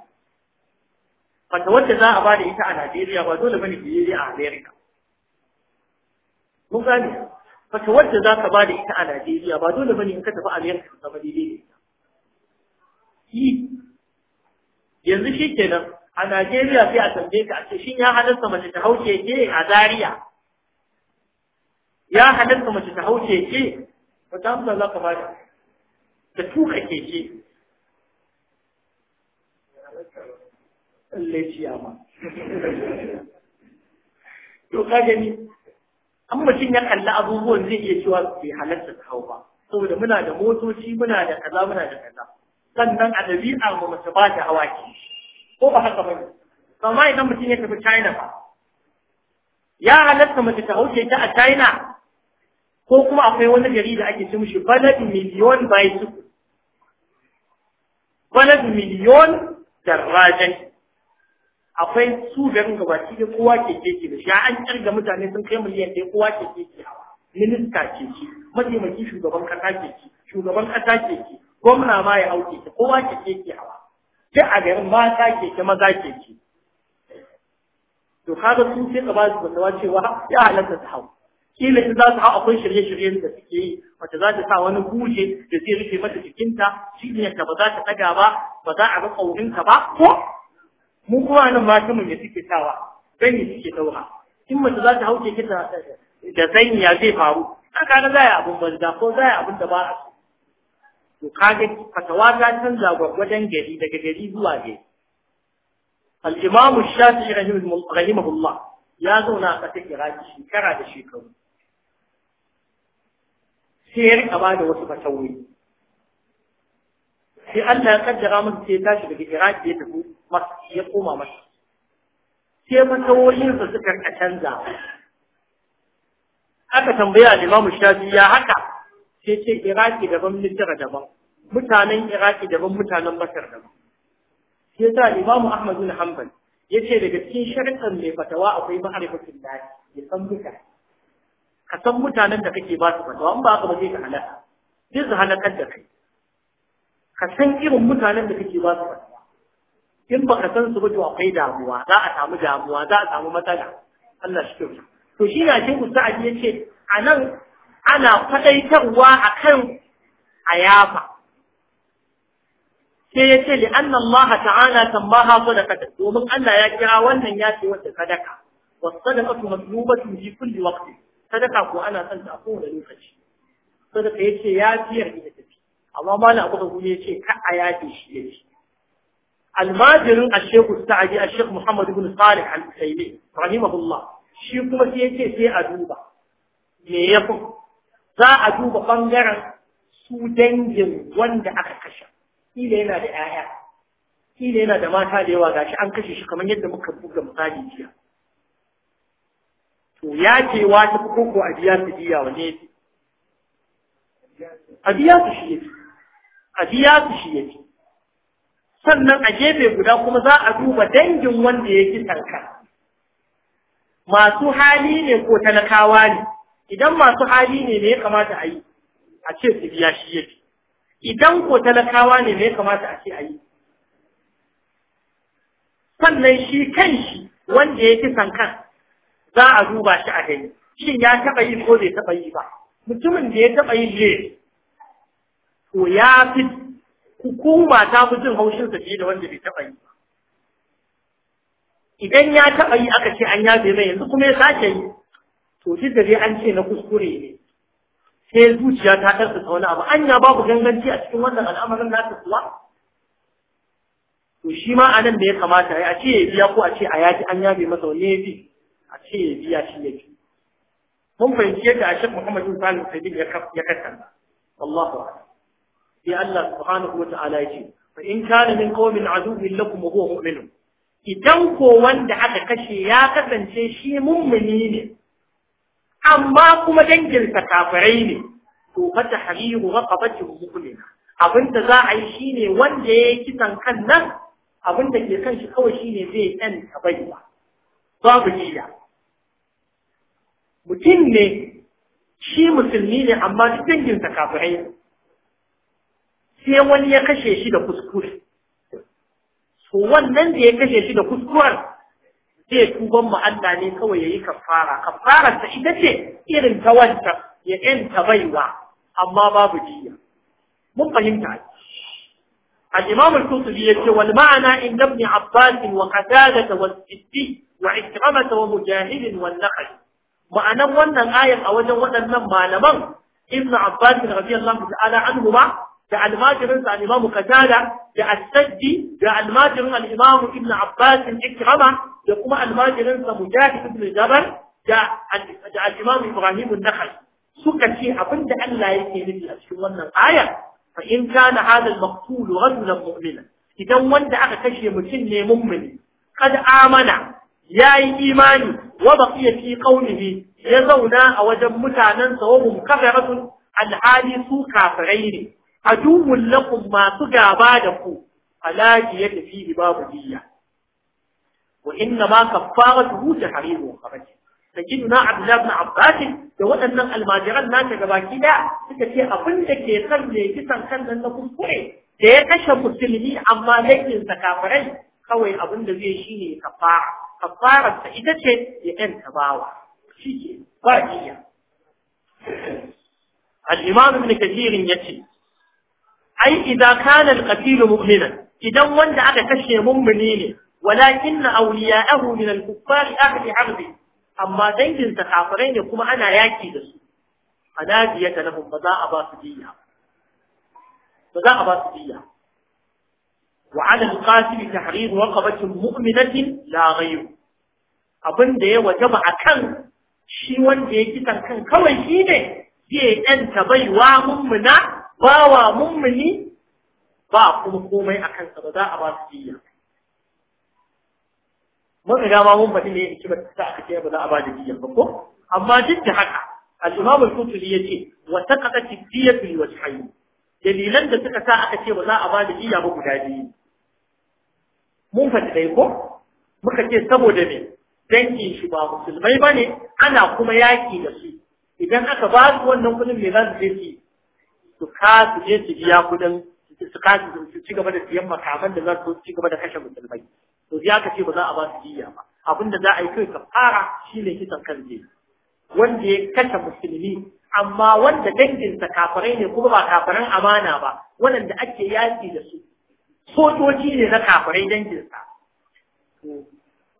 fatawar da za a ba da ita a Najeriya ba dole bane ki yi a America mun gane fatawar da za ka ba da ita a Najeriya ba dole bane in ka tafi America ka zama daidai ne yanzu shi kenan a Najeriya sai a tambaye ka a ce shin ya halarta mace ta hauke ke a Zariya. ya halatta mace ta hau keke ta hamsa za ka bada ta tuka keke ya ma to ka gani an mutum ya kalli abubuwan zai iya cewa bai halarta ta hau ba saboda muna da motoci muna da kaza muna da kaza sannan a ɗabi'a mu mace ba ta hawa ke ko ba haka bane amma idan mutum ya tafi China ba ya halatta mace ta hauke ta a China ko kuma akwai wani gari da ake ce mishi balad miliyon bicycle balad miliyon darrajan akwai su garin gabaki da kowa ke keke da shi an kirga mutane sun kai miliyan ɗaya kowa ke keke minista ke ci mataimaki shugaban kasa ke ci shugaban kasa ke ci gwamna ma ya auke keke, kowa ke keke hawa duk a garin mata ke ki maza ke ci to kaga sun ce ka ba su fatawa cewa ya halatta ta hau kila in za su hau akwai shirye-shiryen da suke yi wata za ta sa wani buje da zai rufe mata jikinta cinyarta ba za ta ɗaga ba ba za a ga ƙaurinka ba ko mu kuma nan mata mu ya suke sawa gani suke ɗaura in mace za ta hau keke da zanya zai faru haka na yi abin banza ko zaya abin da ba a so to kaga fatawa ta canza gwagwajen gari daga gari zuwa gari al-imam shafi'i rahimahullah ya zauna a ƙasar iraki shekara da shekaru sai ya rika ba da wasu fatawoyi sai Allah ya kaddara masa sai ya tashi daga Iraki ya tafi masa ya koma masa sai fatawoyinsa suka rika canza aka tambaya Imam Shafi ya haka sai ce Iraki daban Misra daban mutanen Iraki daban mutanen Masar daban sai sa Imam Ahmad bin Hanbal ce daga cikin sharuɗan mai fatawa akwai ma'rifatul da ya san mutane ka san mutanen da kake ba su fatawa in ba ka ba zai ka halaka zai su halakar da kai ka san irin mutanen da kake ba su fatawa in ba ka san su ba to akwai damuwa za a samu damuwa za a samu matsala Allah shi kyauta to shi na ce a ya ce a nan ana faɗaitarwa a kan ayafa sai ya ce li anna Allah ta'ala da sadaqatan domin Allah ya kira wannan ya ce wata sadaka was sadaqatu matlubatun fi kulli waqtin sadaka ko ana son ta a kowane lokaci sadaka ya ce ya fiyar ita tafi amma malam abu da ya ce ka a yafe shi ya ce almajirin a shehu sa'adi a shehu muhammad ibn salih al-sayyid rahimahullah shi kuma sai ya ce sai a duba me ya fi za a duba bangaren su dangin wanda aka kashe ile yana da 'ya'ya ile yana da mata da yawa gashi an kashe shi kamar yadda muka buga misali jiya to ya ce wa ta fi koko a biya su biya wa ya a biya su shi ya a biya su shi ya sannan a gefe guda kuma za a duba dangin wanda ya ki tanka masu hali ne ko talakawa ne idan masu hali ne ne ya kamata a yi a ce su biya shi ya idan ko talakawa ne ne ya kamata a ce a yi sannan shi kan shi wanda ya ki kan za a duba shi a gani shin ya taɓa yi ko bai taɓa yi ba mutumin da ya taɓa yi ne to ya fi hukuma ta fi jin haushinsa fiye da wanda bai taɓa yi ba idan ya taɓa yi aka ce an yabe mai yanzu kuma ya sake yi to duk da dai an ce na kuskure ne sai zuciya ta ɗarsa ta wani abu anya babu ganganci a cikin wannan al'amarin nasa kuwa to shi ma anan da ya kamata ya ce ya biya ko a ce a yaki an yabe masa wani ya ce ya shi ya fi mun fahimci yadda a shek muhammadu salim sayyid ya kasa. wallahu a'lam sai Allah subhanahu wa ta'ala ya ce fa in kana min qawmin aduwwin lakum wa huwa mu'minun idan ko wanda aka kashe ya kasance shi mummuni ne amma kuma danginsa kafirai ne to fa tahriru raqabatin mu'mina abinda za a yi shine wanda ya yi kisan kan nan abinda ke kan shi kawai shine zai dan tabaiwa babu jiya. mutum ne shi musulmi ne amma duk danginsa kafirai sai wani ya kashe shi da kuskure to wannan da ya kashe shi da kuskuren zai tuban mu Allah ne kawai yayi kafara kafara ta ita ce irin ta wanta ya yanta baiwa amma babu jiya mun fahimta الإمام القرطبي والمعنى إن ابن عباس وقتادة والسدي وعكرمة ومجاهد والنخل ma'anan wannan ayan a wajen waɗannan malaman ibn abbas radiyallahu ta'ala anhu ma da almajirin sa al-imam qatada da as-sajdi da almajirin al-imam ibn abbas ikrama da kuma almajirin sa mujahid ibn da al-imam ibrahim an-nakhl suka ce abinda Allah yake nufi a cikin wannan aya fa in kana hadha al-maqtul rajulan mu'mina idan wanda aka kashe mutum ne mummuni kad amana yayi imani wa baqiya fi qawlihi ya zauna a wajen mutanen sa wa hum kafaratun alhali su kafirai ne aduwwul lakum masu gaba da ku alaji ya tafi babu niyya wa inna ma kaffaratuhu tahrimu khabati sayyidina abdullah ibn abbas da waɗannan almajiran nata gabaki da suka ce abin da ke kan ne kisan kan na kuskure da ya kashe musulmi amma laifin sa kafirai kawai abin da zai shi ne kafara ta ita ce ya ɗan tabawa shi ke ba niyya al-imam ibn kathir yace ai idan kana al-qatil mu'mina idan wanda aka kashe mummuni ne walakin awliya'ahu min al-kuffar ahli harbi amma dangin sa kafirai ne kuma ana yaki da su anadiyata lahum ba za a ba su diya ba za a ba su diya وعلى القاسم تحرير وقبة مؤمنة لا غير abin da ya waje ba a kan shi wanda ya kisan kan kawai shi ne zai ɗanta baiwa mummuna ba wa mummuni ba kuma komai a kansa ba za a ba su jiya mun riga ma mun faɗi ne ya ci ba ta aka ce ba za a ba da jiya ba ko amma duk da haka al-imam al-qutuli yace wa saqatat diyatu li hanyu? dalilan da suka sa aka ce ba za a ba da jiya ba guda biyu mun faɗi ɗai ko muka ce saboda me dangin shi ba musulmai ba ne ana kuma yaƙi da su idan aka ba su wannan kuɗin me za su je su su ka je su biya kuɗin su ka su ci gaba da siyan makaman da za su ci gaba da kashe musulmai to ya ka ce ba za a ba su jiya ba abin da za a yi kai ka fara shine kisan kan je wanda ya kashe musulmi amma wanda danginsa kafirai ne kuma ba kafiran amana ba waɗanda ake yaƙi da su sojoji ne na kafirai danginsa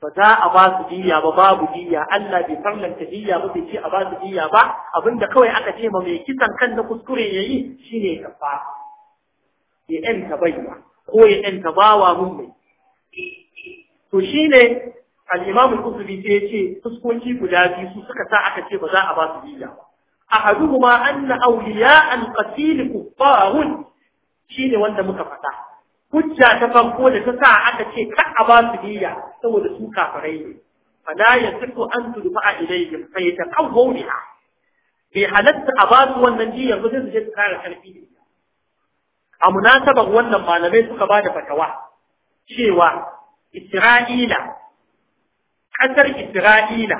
ba za a ba su diya ba babu diya Allah bai farlanta diya ba bai ce a ba su diya ba abinda kawai aka ce ma mai kisan kan na kuskure ya yayi shine kafa ya yanta baiwa ko ya yanta bawa mun mai to shi ne al’imamu kusuri sai ya ce fuskoki guda biyu su suka sa aka ce ba za a ba su diya ba ahaduhuma anna awliya al-qatil Shi ne wanda muka fata hujja ta farko da ta sa aka ce kar a ba su niyya saboda su kafirai ne fala yasiku an tudfa'a ilayhim fa yataqawwu biha bai halatta a ba su wannan niyya ba zai je kara karfi a munasabar wannan malamai suka ba da fatawa cewa Isra'ila ƙasar Isra'ila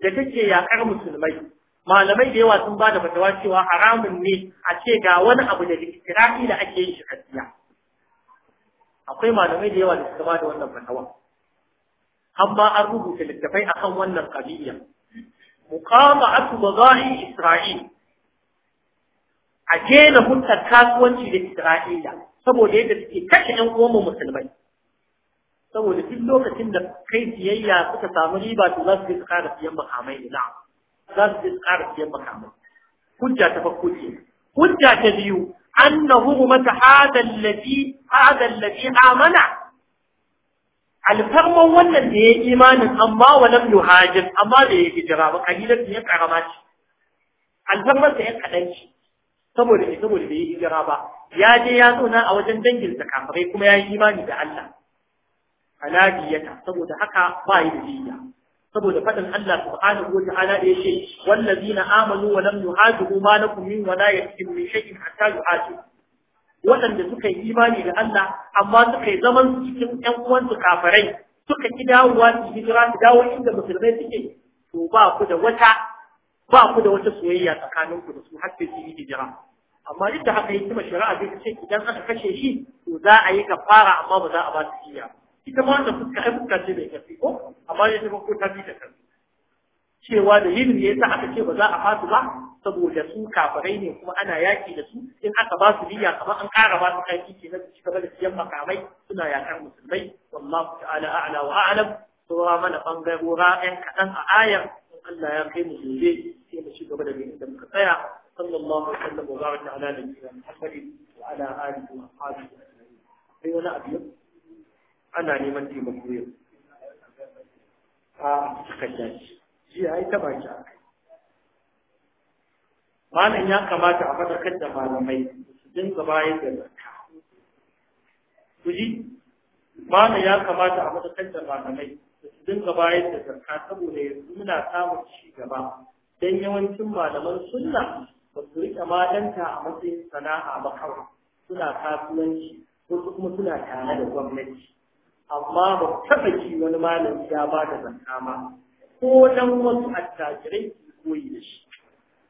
da take yaƙar musulmai malamai da yawa sun ba da fatawa cewa haramun ne a ce ga wani abu da Isra'ila ake yin shi kasiya akwai malamai da yawa da suka bada wannan fatawa amma an rubuta littafai kan wannan qadiyya muqama'atu wadai isra'il a jena hutar kasuwanci da isra'ila saboda yadda suke kashe yan uwan musulmai saboda duk lokacin da kai siyayya suka samu riba to za su je su ƙara siyan makamai da na'am za su je su ƙara siyan makamai hujja ta farko ce hujja ta biyu أن هرمة هذا الذي هذا الذي آمن الفرم wannan da ya imanin amma walam yuhajir amma da ya hijira ba kalilan ya karama shi alfarmar sa ya kadan shi saboda ne saboda bai hijira ba ya je ya zauna a wajen dangin sa kuma ya yi imani da Allah alabiyata saboda haka ba yi da saboda faɗin Allah subhanahu wa ta'ala da yace wallazina amanu wa lam yuhajiru ma lakum min walayatin min shay'in hatta yuhajiru waɗanda suka yi imani da Allah amma suka yi zaman cikin ƴan uwansu kafirai suka ki dawowa su hijira su dawo inda musulmai suke to ba ku da wata ba ku da wata soyayya tsakanin ku da su har sai su yi hijira amma duk da haka hikimar shari'a zai ce idan aka kashe shi to za a yi kafara amma ba za a ba su jiya ita ma wannan fuska ai fuska ce mai karfi ko amma ya zama ko ta bi da karfi cewa da yin ne yasa aka ce ba za a fasu ba saboda su kafirai ne kuma ana yaki da su in aka ba su biya kamar an ƙara ba su kai ke na su gaba da siyan makamai suna yakar musulmai wallahu ta'ala a'la wa a'lam saura mana bangarora ɗan kaɗan a ayar Allah ya kai mu gobe sai mu ci gaba da bin da muka tsaya sallallahu alaihi wa sallam wa baraka ala nabiyyina Muhammadin wa ala alihi wa ashabihi sai wani abu ana neman taimako yau a kan jiya ya ta baki a kai malam ya kamata a faɗakar da malamai su dinga bayan da zakka ku ji malam ya kamata a faɗakar da malamai su dinga bayan da zakka saboda yanzu muna samun ci gaba dan yawancin malaman sunna ba su riƙe malanta a matsayin sana'a ba kawai suna kasuwanci ko kuma suna tare da gwamnati amma ba taɓa ci wani malami ya ba da zanka ma ko dan wasu attajirai su koyi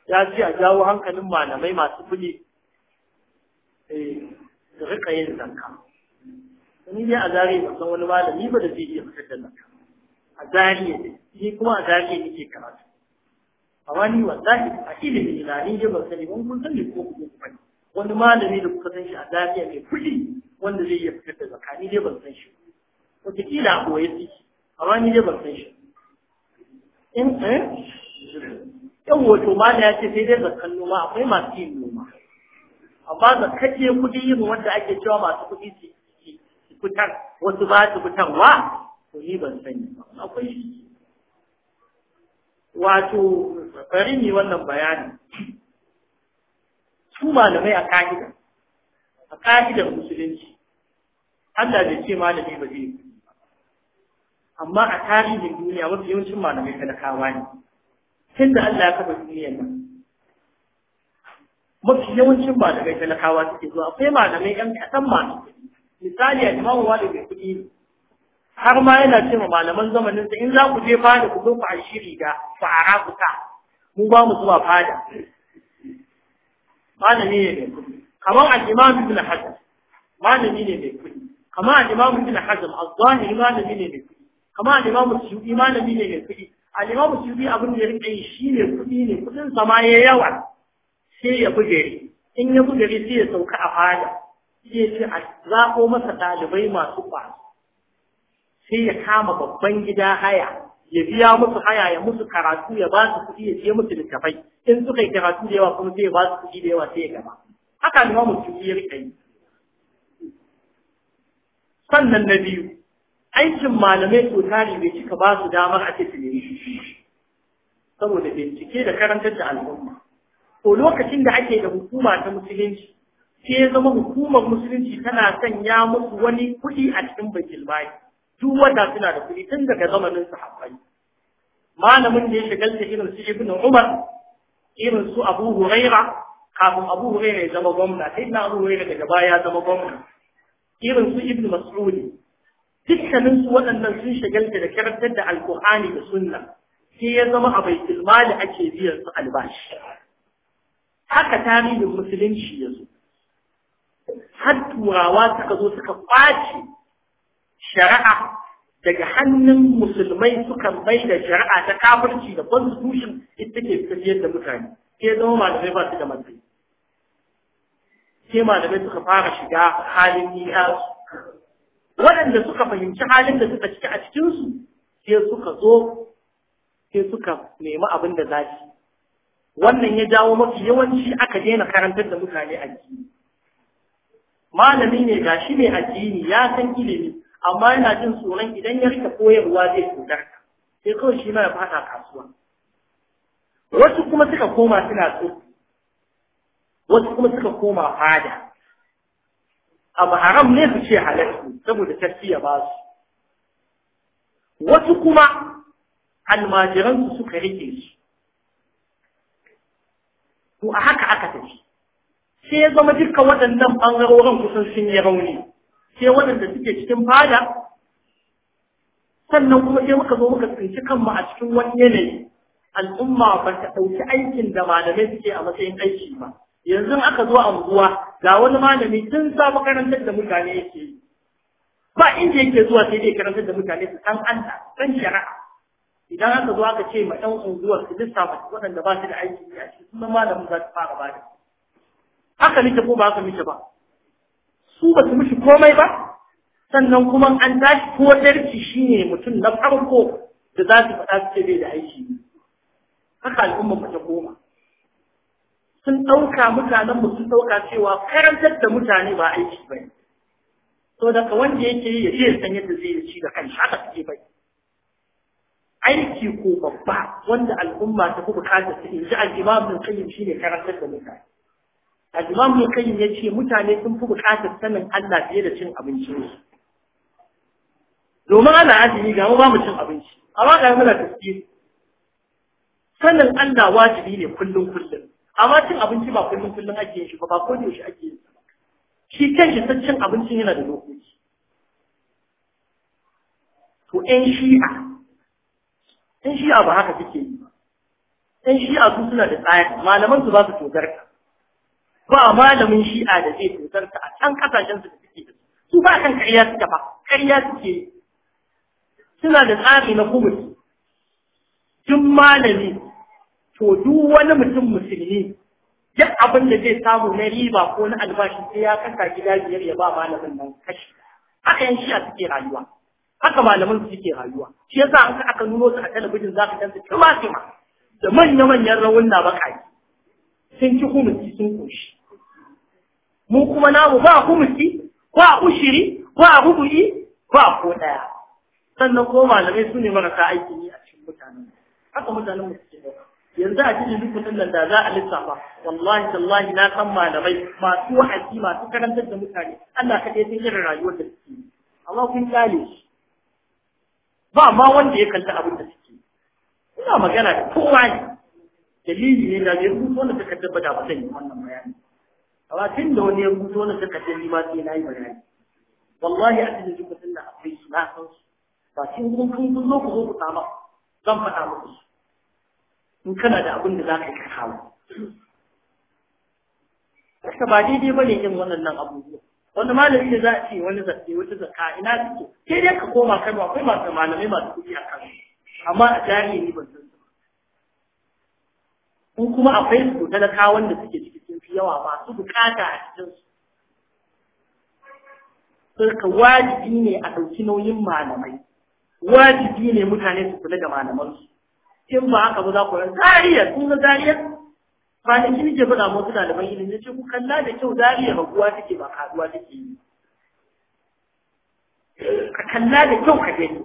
da shi ya ce a jawo hankalin malamai masu kuɗi eh, su rika yin zanka. ni dai a zari ba san wani malami ba da zai iya fitar da zanka. a zari ne ni kuma a ne ke karatu amma ni wallahi a ilimi na ni ne ban sani ban kun sani ko ku ba wani malami da kuka san shi a zari ne kuɗi wanda zai iya fitar da zanka, ni dai ban san shi ba wataƙila a ɓoye su amma ni dai ban san shi in eh yan wato ma da ya ce sai dai zakan noma akwai masu yin noma amma kaje kudi yin wanda ake cewa masu kuɗi su fitar wasu ba su fitarwa to ni ban sani ba akwai shi wato bari ne wannan bayani su malamai a ka'ida a ka'idar musulunci Allah da ce malami ba zai amma a tarihin duniya wasu yawancin malamai talakawa ne tun da Allah ya kafa duniyar nan mafi yawancin malamai talakawa suke zuwa akwai malamai yan kasan masu misali a imamu wali mai kuɗi har ma yana ce ma malaman zamanin sa in za ku je fada ku zo ku ashiri da ku ara ku ta mu ba mu zuwa fada malami ne mai kuɗi kamar al-imam ibn malami ne mai kuɗi kamar al-imam ibn hazm zuwa zahiri malami ne mai kuɗi kama alimamu yi malami ne mai kuɗi su yi abin da ya rika yi shi ne kuɗi ne kuɗin sama ya yawa sai ya bi gari in ya bi gari sai ya sauka a fada sai ce a zaɓo masa ɗalibai masu ba sai ya kama babban gida haya ya biya musu haya ya musu karatu ya ba su kuɗi ya je musu littafai in suka yi karatu da yawa kuma sai ya ba su kuɗi da yawa sai ya gaba haka alimamu su ya rika yi sannan na biyu aikin malamai to bai cika ba su damar a cikin shi saboda bincike da karantar da al'umma Ko lokacin da ake da hukuma ta musulunci sai ya zama hukumar musulunci tana sanya musu wani kuɗi a cikin bakin bayi duk wata suna da kuɗi tun daga zamanin sahabbai malamin da ya shigalta irin su ibnu umar irin su abu huraira kafin abu huraira ya zama gwamna sai na abu huraira daga baya ya zama gwamna irin su ibnu dukkanin su waɗannan sun shagalta da karantar da alkur'ani da sunna sai ya zama a baitul mali ake biyan su albashi haka tarihin musulunci ya zo har turawa suka zo suka kwace shari'a daga hannun musulmai suka mai da shari'a ta kafirci da constitution ita ke tafiyar da mutane ke zama malamai ba su da matsayi ke malamai suka fara shiga halin ni'a waɗanda suka fahimci halin da suka ciki a cikinsu sai suka zo sai suka nemi abin da za wannan ya jawo mafi yawanci aka daina karantar da mutane a jini. malami ne ga shi ne addini ya san ilimi amma yana jin tsoron idan ya rika koyarwa zai cutar sai kawai shi ma ya fata kasuwa wasu kuma suka koma suna tsofi wasu kuma suka koma fada abu haram ne su ce halarci saboda tafiya ba su wasu kuma almajiransu suka rike su to a haka aka tafi sai ya zama duka waɗannan ɓangarorin kusan sun yi rauni sai waɗanda suke cikin fada sannan kuma sai muka zo muka tsinci kanmu a cikin wani yanayi al'umma ba ta ɗauki aikin da malamai suke a matsayin aiki ba yanzu aka zo anguwa ga wani malami tun samu karantar da mutane yake yi ba inda yake zuwa sai dai karantar da mutane su san Allah san shari'a idan aka zo aka ce ma ɗan unguwar su lissafa waɗanda ba su da aiki a shi kuma malamin za su fara ba da haka ko ba aka nake ba su ba su mishi komai ba sannan kuma an tashi ko darci shine mutum na farko da za su faɗa su ce bai da aiki haka al'ummar ba ta koma sun ɗauka mutanen mu sun ɗauka cewa karantar da mutane ba aiki ba ne. So daga wanda yake yi ya je san yadda zai ci da kan haka suke bai. Aiki ko babba wanda al'umma ta fi bukatar su inji al-Imam bin shi shine karantar da mutane. A imam bin ya ce mutane sun fi bukatar sanin Allah fiye da cin abinci. ne. Domin ana ajiye ga ba mu cin abinci, amma ga muna tafiye. Sanin Allah wajibi ne kullum kullum. amma cin abinci ba kullum kullum ake yin shi ba ba ko da yaushe ake yin sa shi shi san cin abinci yana da dokoki to ƴan shi'a ƴan shi'a ba haka suke yi ƴan shi'a su suna da tsaya malaman su ba su tozar ka ba malamin shi'a da zai tozar ka a can kasashen su da suke da su ba kan karya suke ba karya suke suna da tsari na kuma duk malami to duk wani mutum musulmi duk abin da zai samu na riba ko na albashi sai ya kasa gida biyar ya ba malamin nan kashi haka yan shiya suke rayuwa haka malaman su suke rayuwa shi yasa an ka aka nuno su a talabijin zaka dan su tuma tuma da manya manyan rawun na baka sun ci humusi sun koshi mu kuma namu ba humusi ba ushiri ba rubu'i ba ko daya sannan ko malamai su ne marasa aiki ne a cikin mutanen haka mutanen mu suke dauka yanzu a cikin lokutan nan da za a lissafa wallahi tallahi na san malamai masu wa'azi masu karantar da mutane Allah ka dai sun irin rayuwar da suke amma kun kyale shi ba ma wanda ya kanta abin da suke ina magana da kowa ne dalili ne da zai rubuto na takardar ba da ba zan yi wannan bayani amma tun da wani ya rubuto na takardar ni ma sai na yi bayani wallahi a cikin lokutan nan akwai su na san su ba cikin kun kun zo ku zo ku sama zan faɗa muku su in kana da abin da za ka yi kawo haka ba daidai ba ne yin wannan nan abubuwa wani malami da za a ce wani zaɓe wata zaka ina suke Ke dai ka koma kano akwai masu malamai masu kuɗi a kano amma a jahili ban san in kuma akwai su talakawan da suke ciki sun fi yawa masu bukata a cikin su Sarka wajibi ne a ɗauki nauyin malamai wajibi ne mutane su kula da malamansu in ba haka ba za ku ran zariya kun ga zariya kwanaki nake faɗa ma wasu ɗaliban ilimi na ce ku kalla da kyau zariya raguwa take ba kaduwa take yi ka kalla da kyau ka gani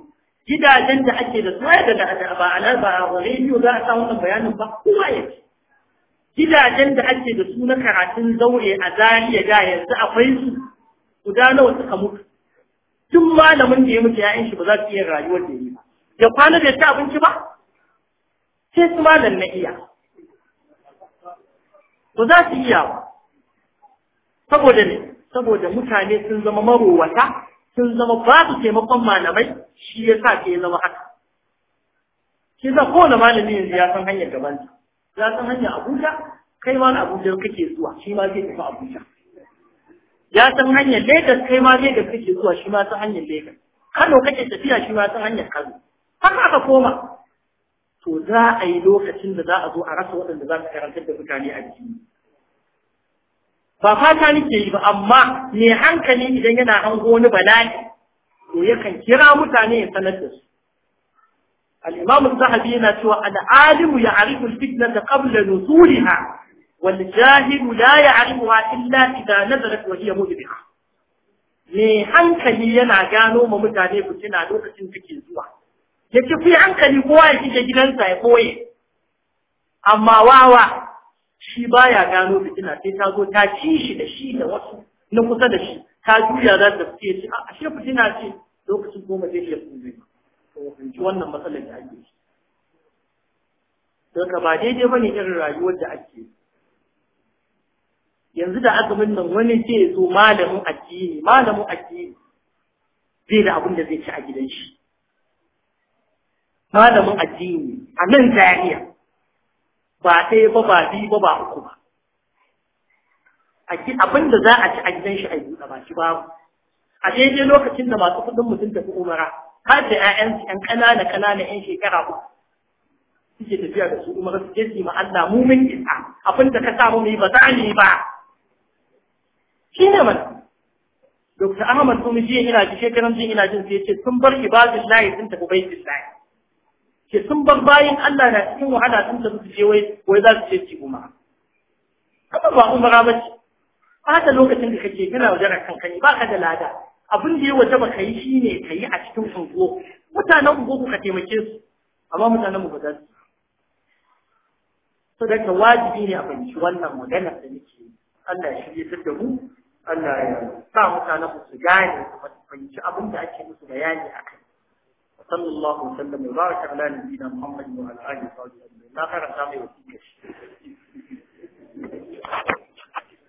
gidajen da ake da su da ba a ba a rediyo za a samu wannan bayanin ba kuma ya ce gidajen da ake da su na karatun zaure a zariya da yanzu akwai su guda nawa suka mutu tun malamin da ya mutu ya'yan shi ba za su iya rayuwar da yi ba ya kwana bai ci abinci ba sai su malam na iya to za su iya ba saboda ne saboda mutane sun zama marowata sun zama ba su taimakon malamai shi ya sa ke zama haka shi za kowane malami yanzu ya san hanyar gabanta ya san hanyar abuja kai ma na abuja kake zuwa shi ma zai tafi abuja ya san hanyar lagos kai ma lagos kake zuwa shi ma san hanyar lagos kano kake tafiya shi ma san hanyar kano haka aka koma to za a yi lokacin da za a zo a rasa waɗanda za su karantar da mutane addini ba fata nake yi ba amma mai hankali idan yana hango wani bala'i to yakan kira mutane ya sanar da su al-imam az-zahabi yana cewa al-alimu ya'rifu al-fitnata qabla nuzuliha wal jahilu la ya'rifuha illa idha nazalat wa hiya mudbiha mai hankali yana gano ma mutane fitina lokacin da take zuwa ya ci hankali kowa ya shige gidansa ya koye amma wawa shi baya gano fitina sai ta zo ta ci shi da shi da wasu na kusa da shi ta juya za ta fice shi a ashe fitina ce lokacin goma zai iya sun zai wannan matsalar da ake shi don ka ba daidai bane irin rayuwar da ake yanzu da azumin nan wani ce zo malamin addini malamin addini zai da abin da zai ci a gidan shi malamin addini a nan zariya ba ɗaya ba ba biyu ba ba uku ba abin da za a ci a gidan shi a yi ba shi babu a daidai lokacin da masu kuɗin mutum tafi umara har da 'ya'yansu 'yan ƙanana ƙanana 'yan shekara uku suke tafiya da su umara su je ma Allah mu mun isa abin da ka samu mu yi ba za mu yi ba shi ne mana Dokta Ahmad Tumi jiya ina ji shekaran jin ina jin sai ya ce sun bar ibadin layi sun tafi baitin layi ke sun bar bayin Allah na cikin wahala sun tafi su wai wai za su je ci umara amma ba umara ba ce haka lokacin da kake kana wajen kanka ne ka da lada abin da ya waje baka yi shine ka yi a cikin unguwa mutanen ungo ka taimake su amma mutanen mu ba za su so da wajibi ne a fahimci wannan magana da nake Allah ya shirye da mu Allah ya sa mutanen mu su gane su fahimci abin da ake musu bayani akai صلى الله وسلم وبارك على نبينا محمد وعلى اله وصحبه اجمعين لا خير سامي وفيك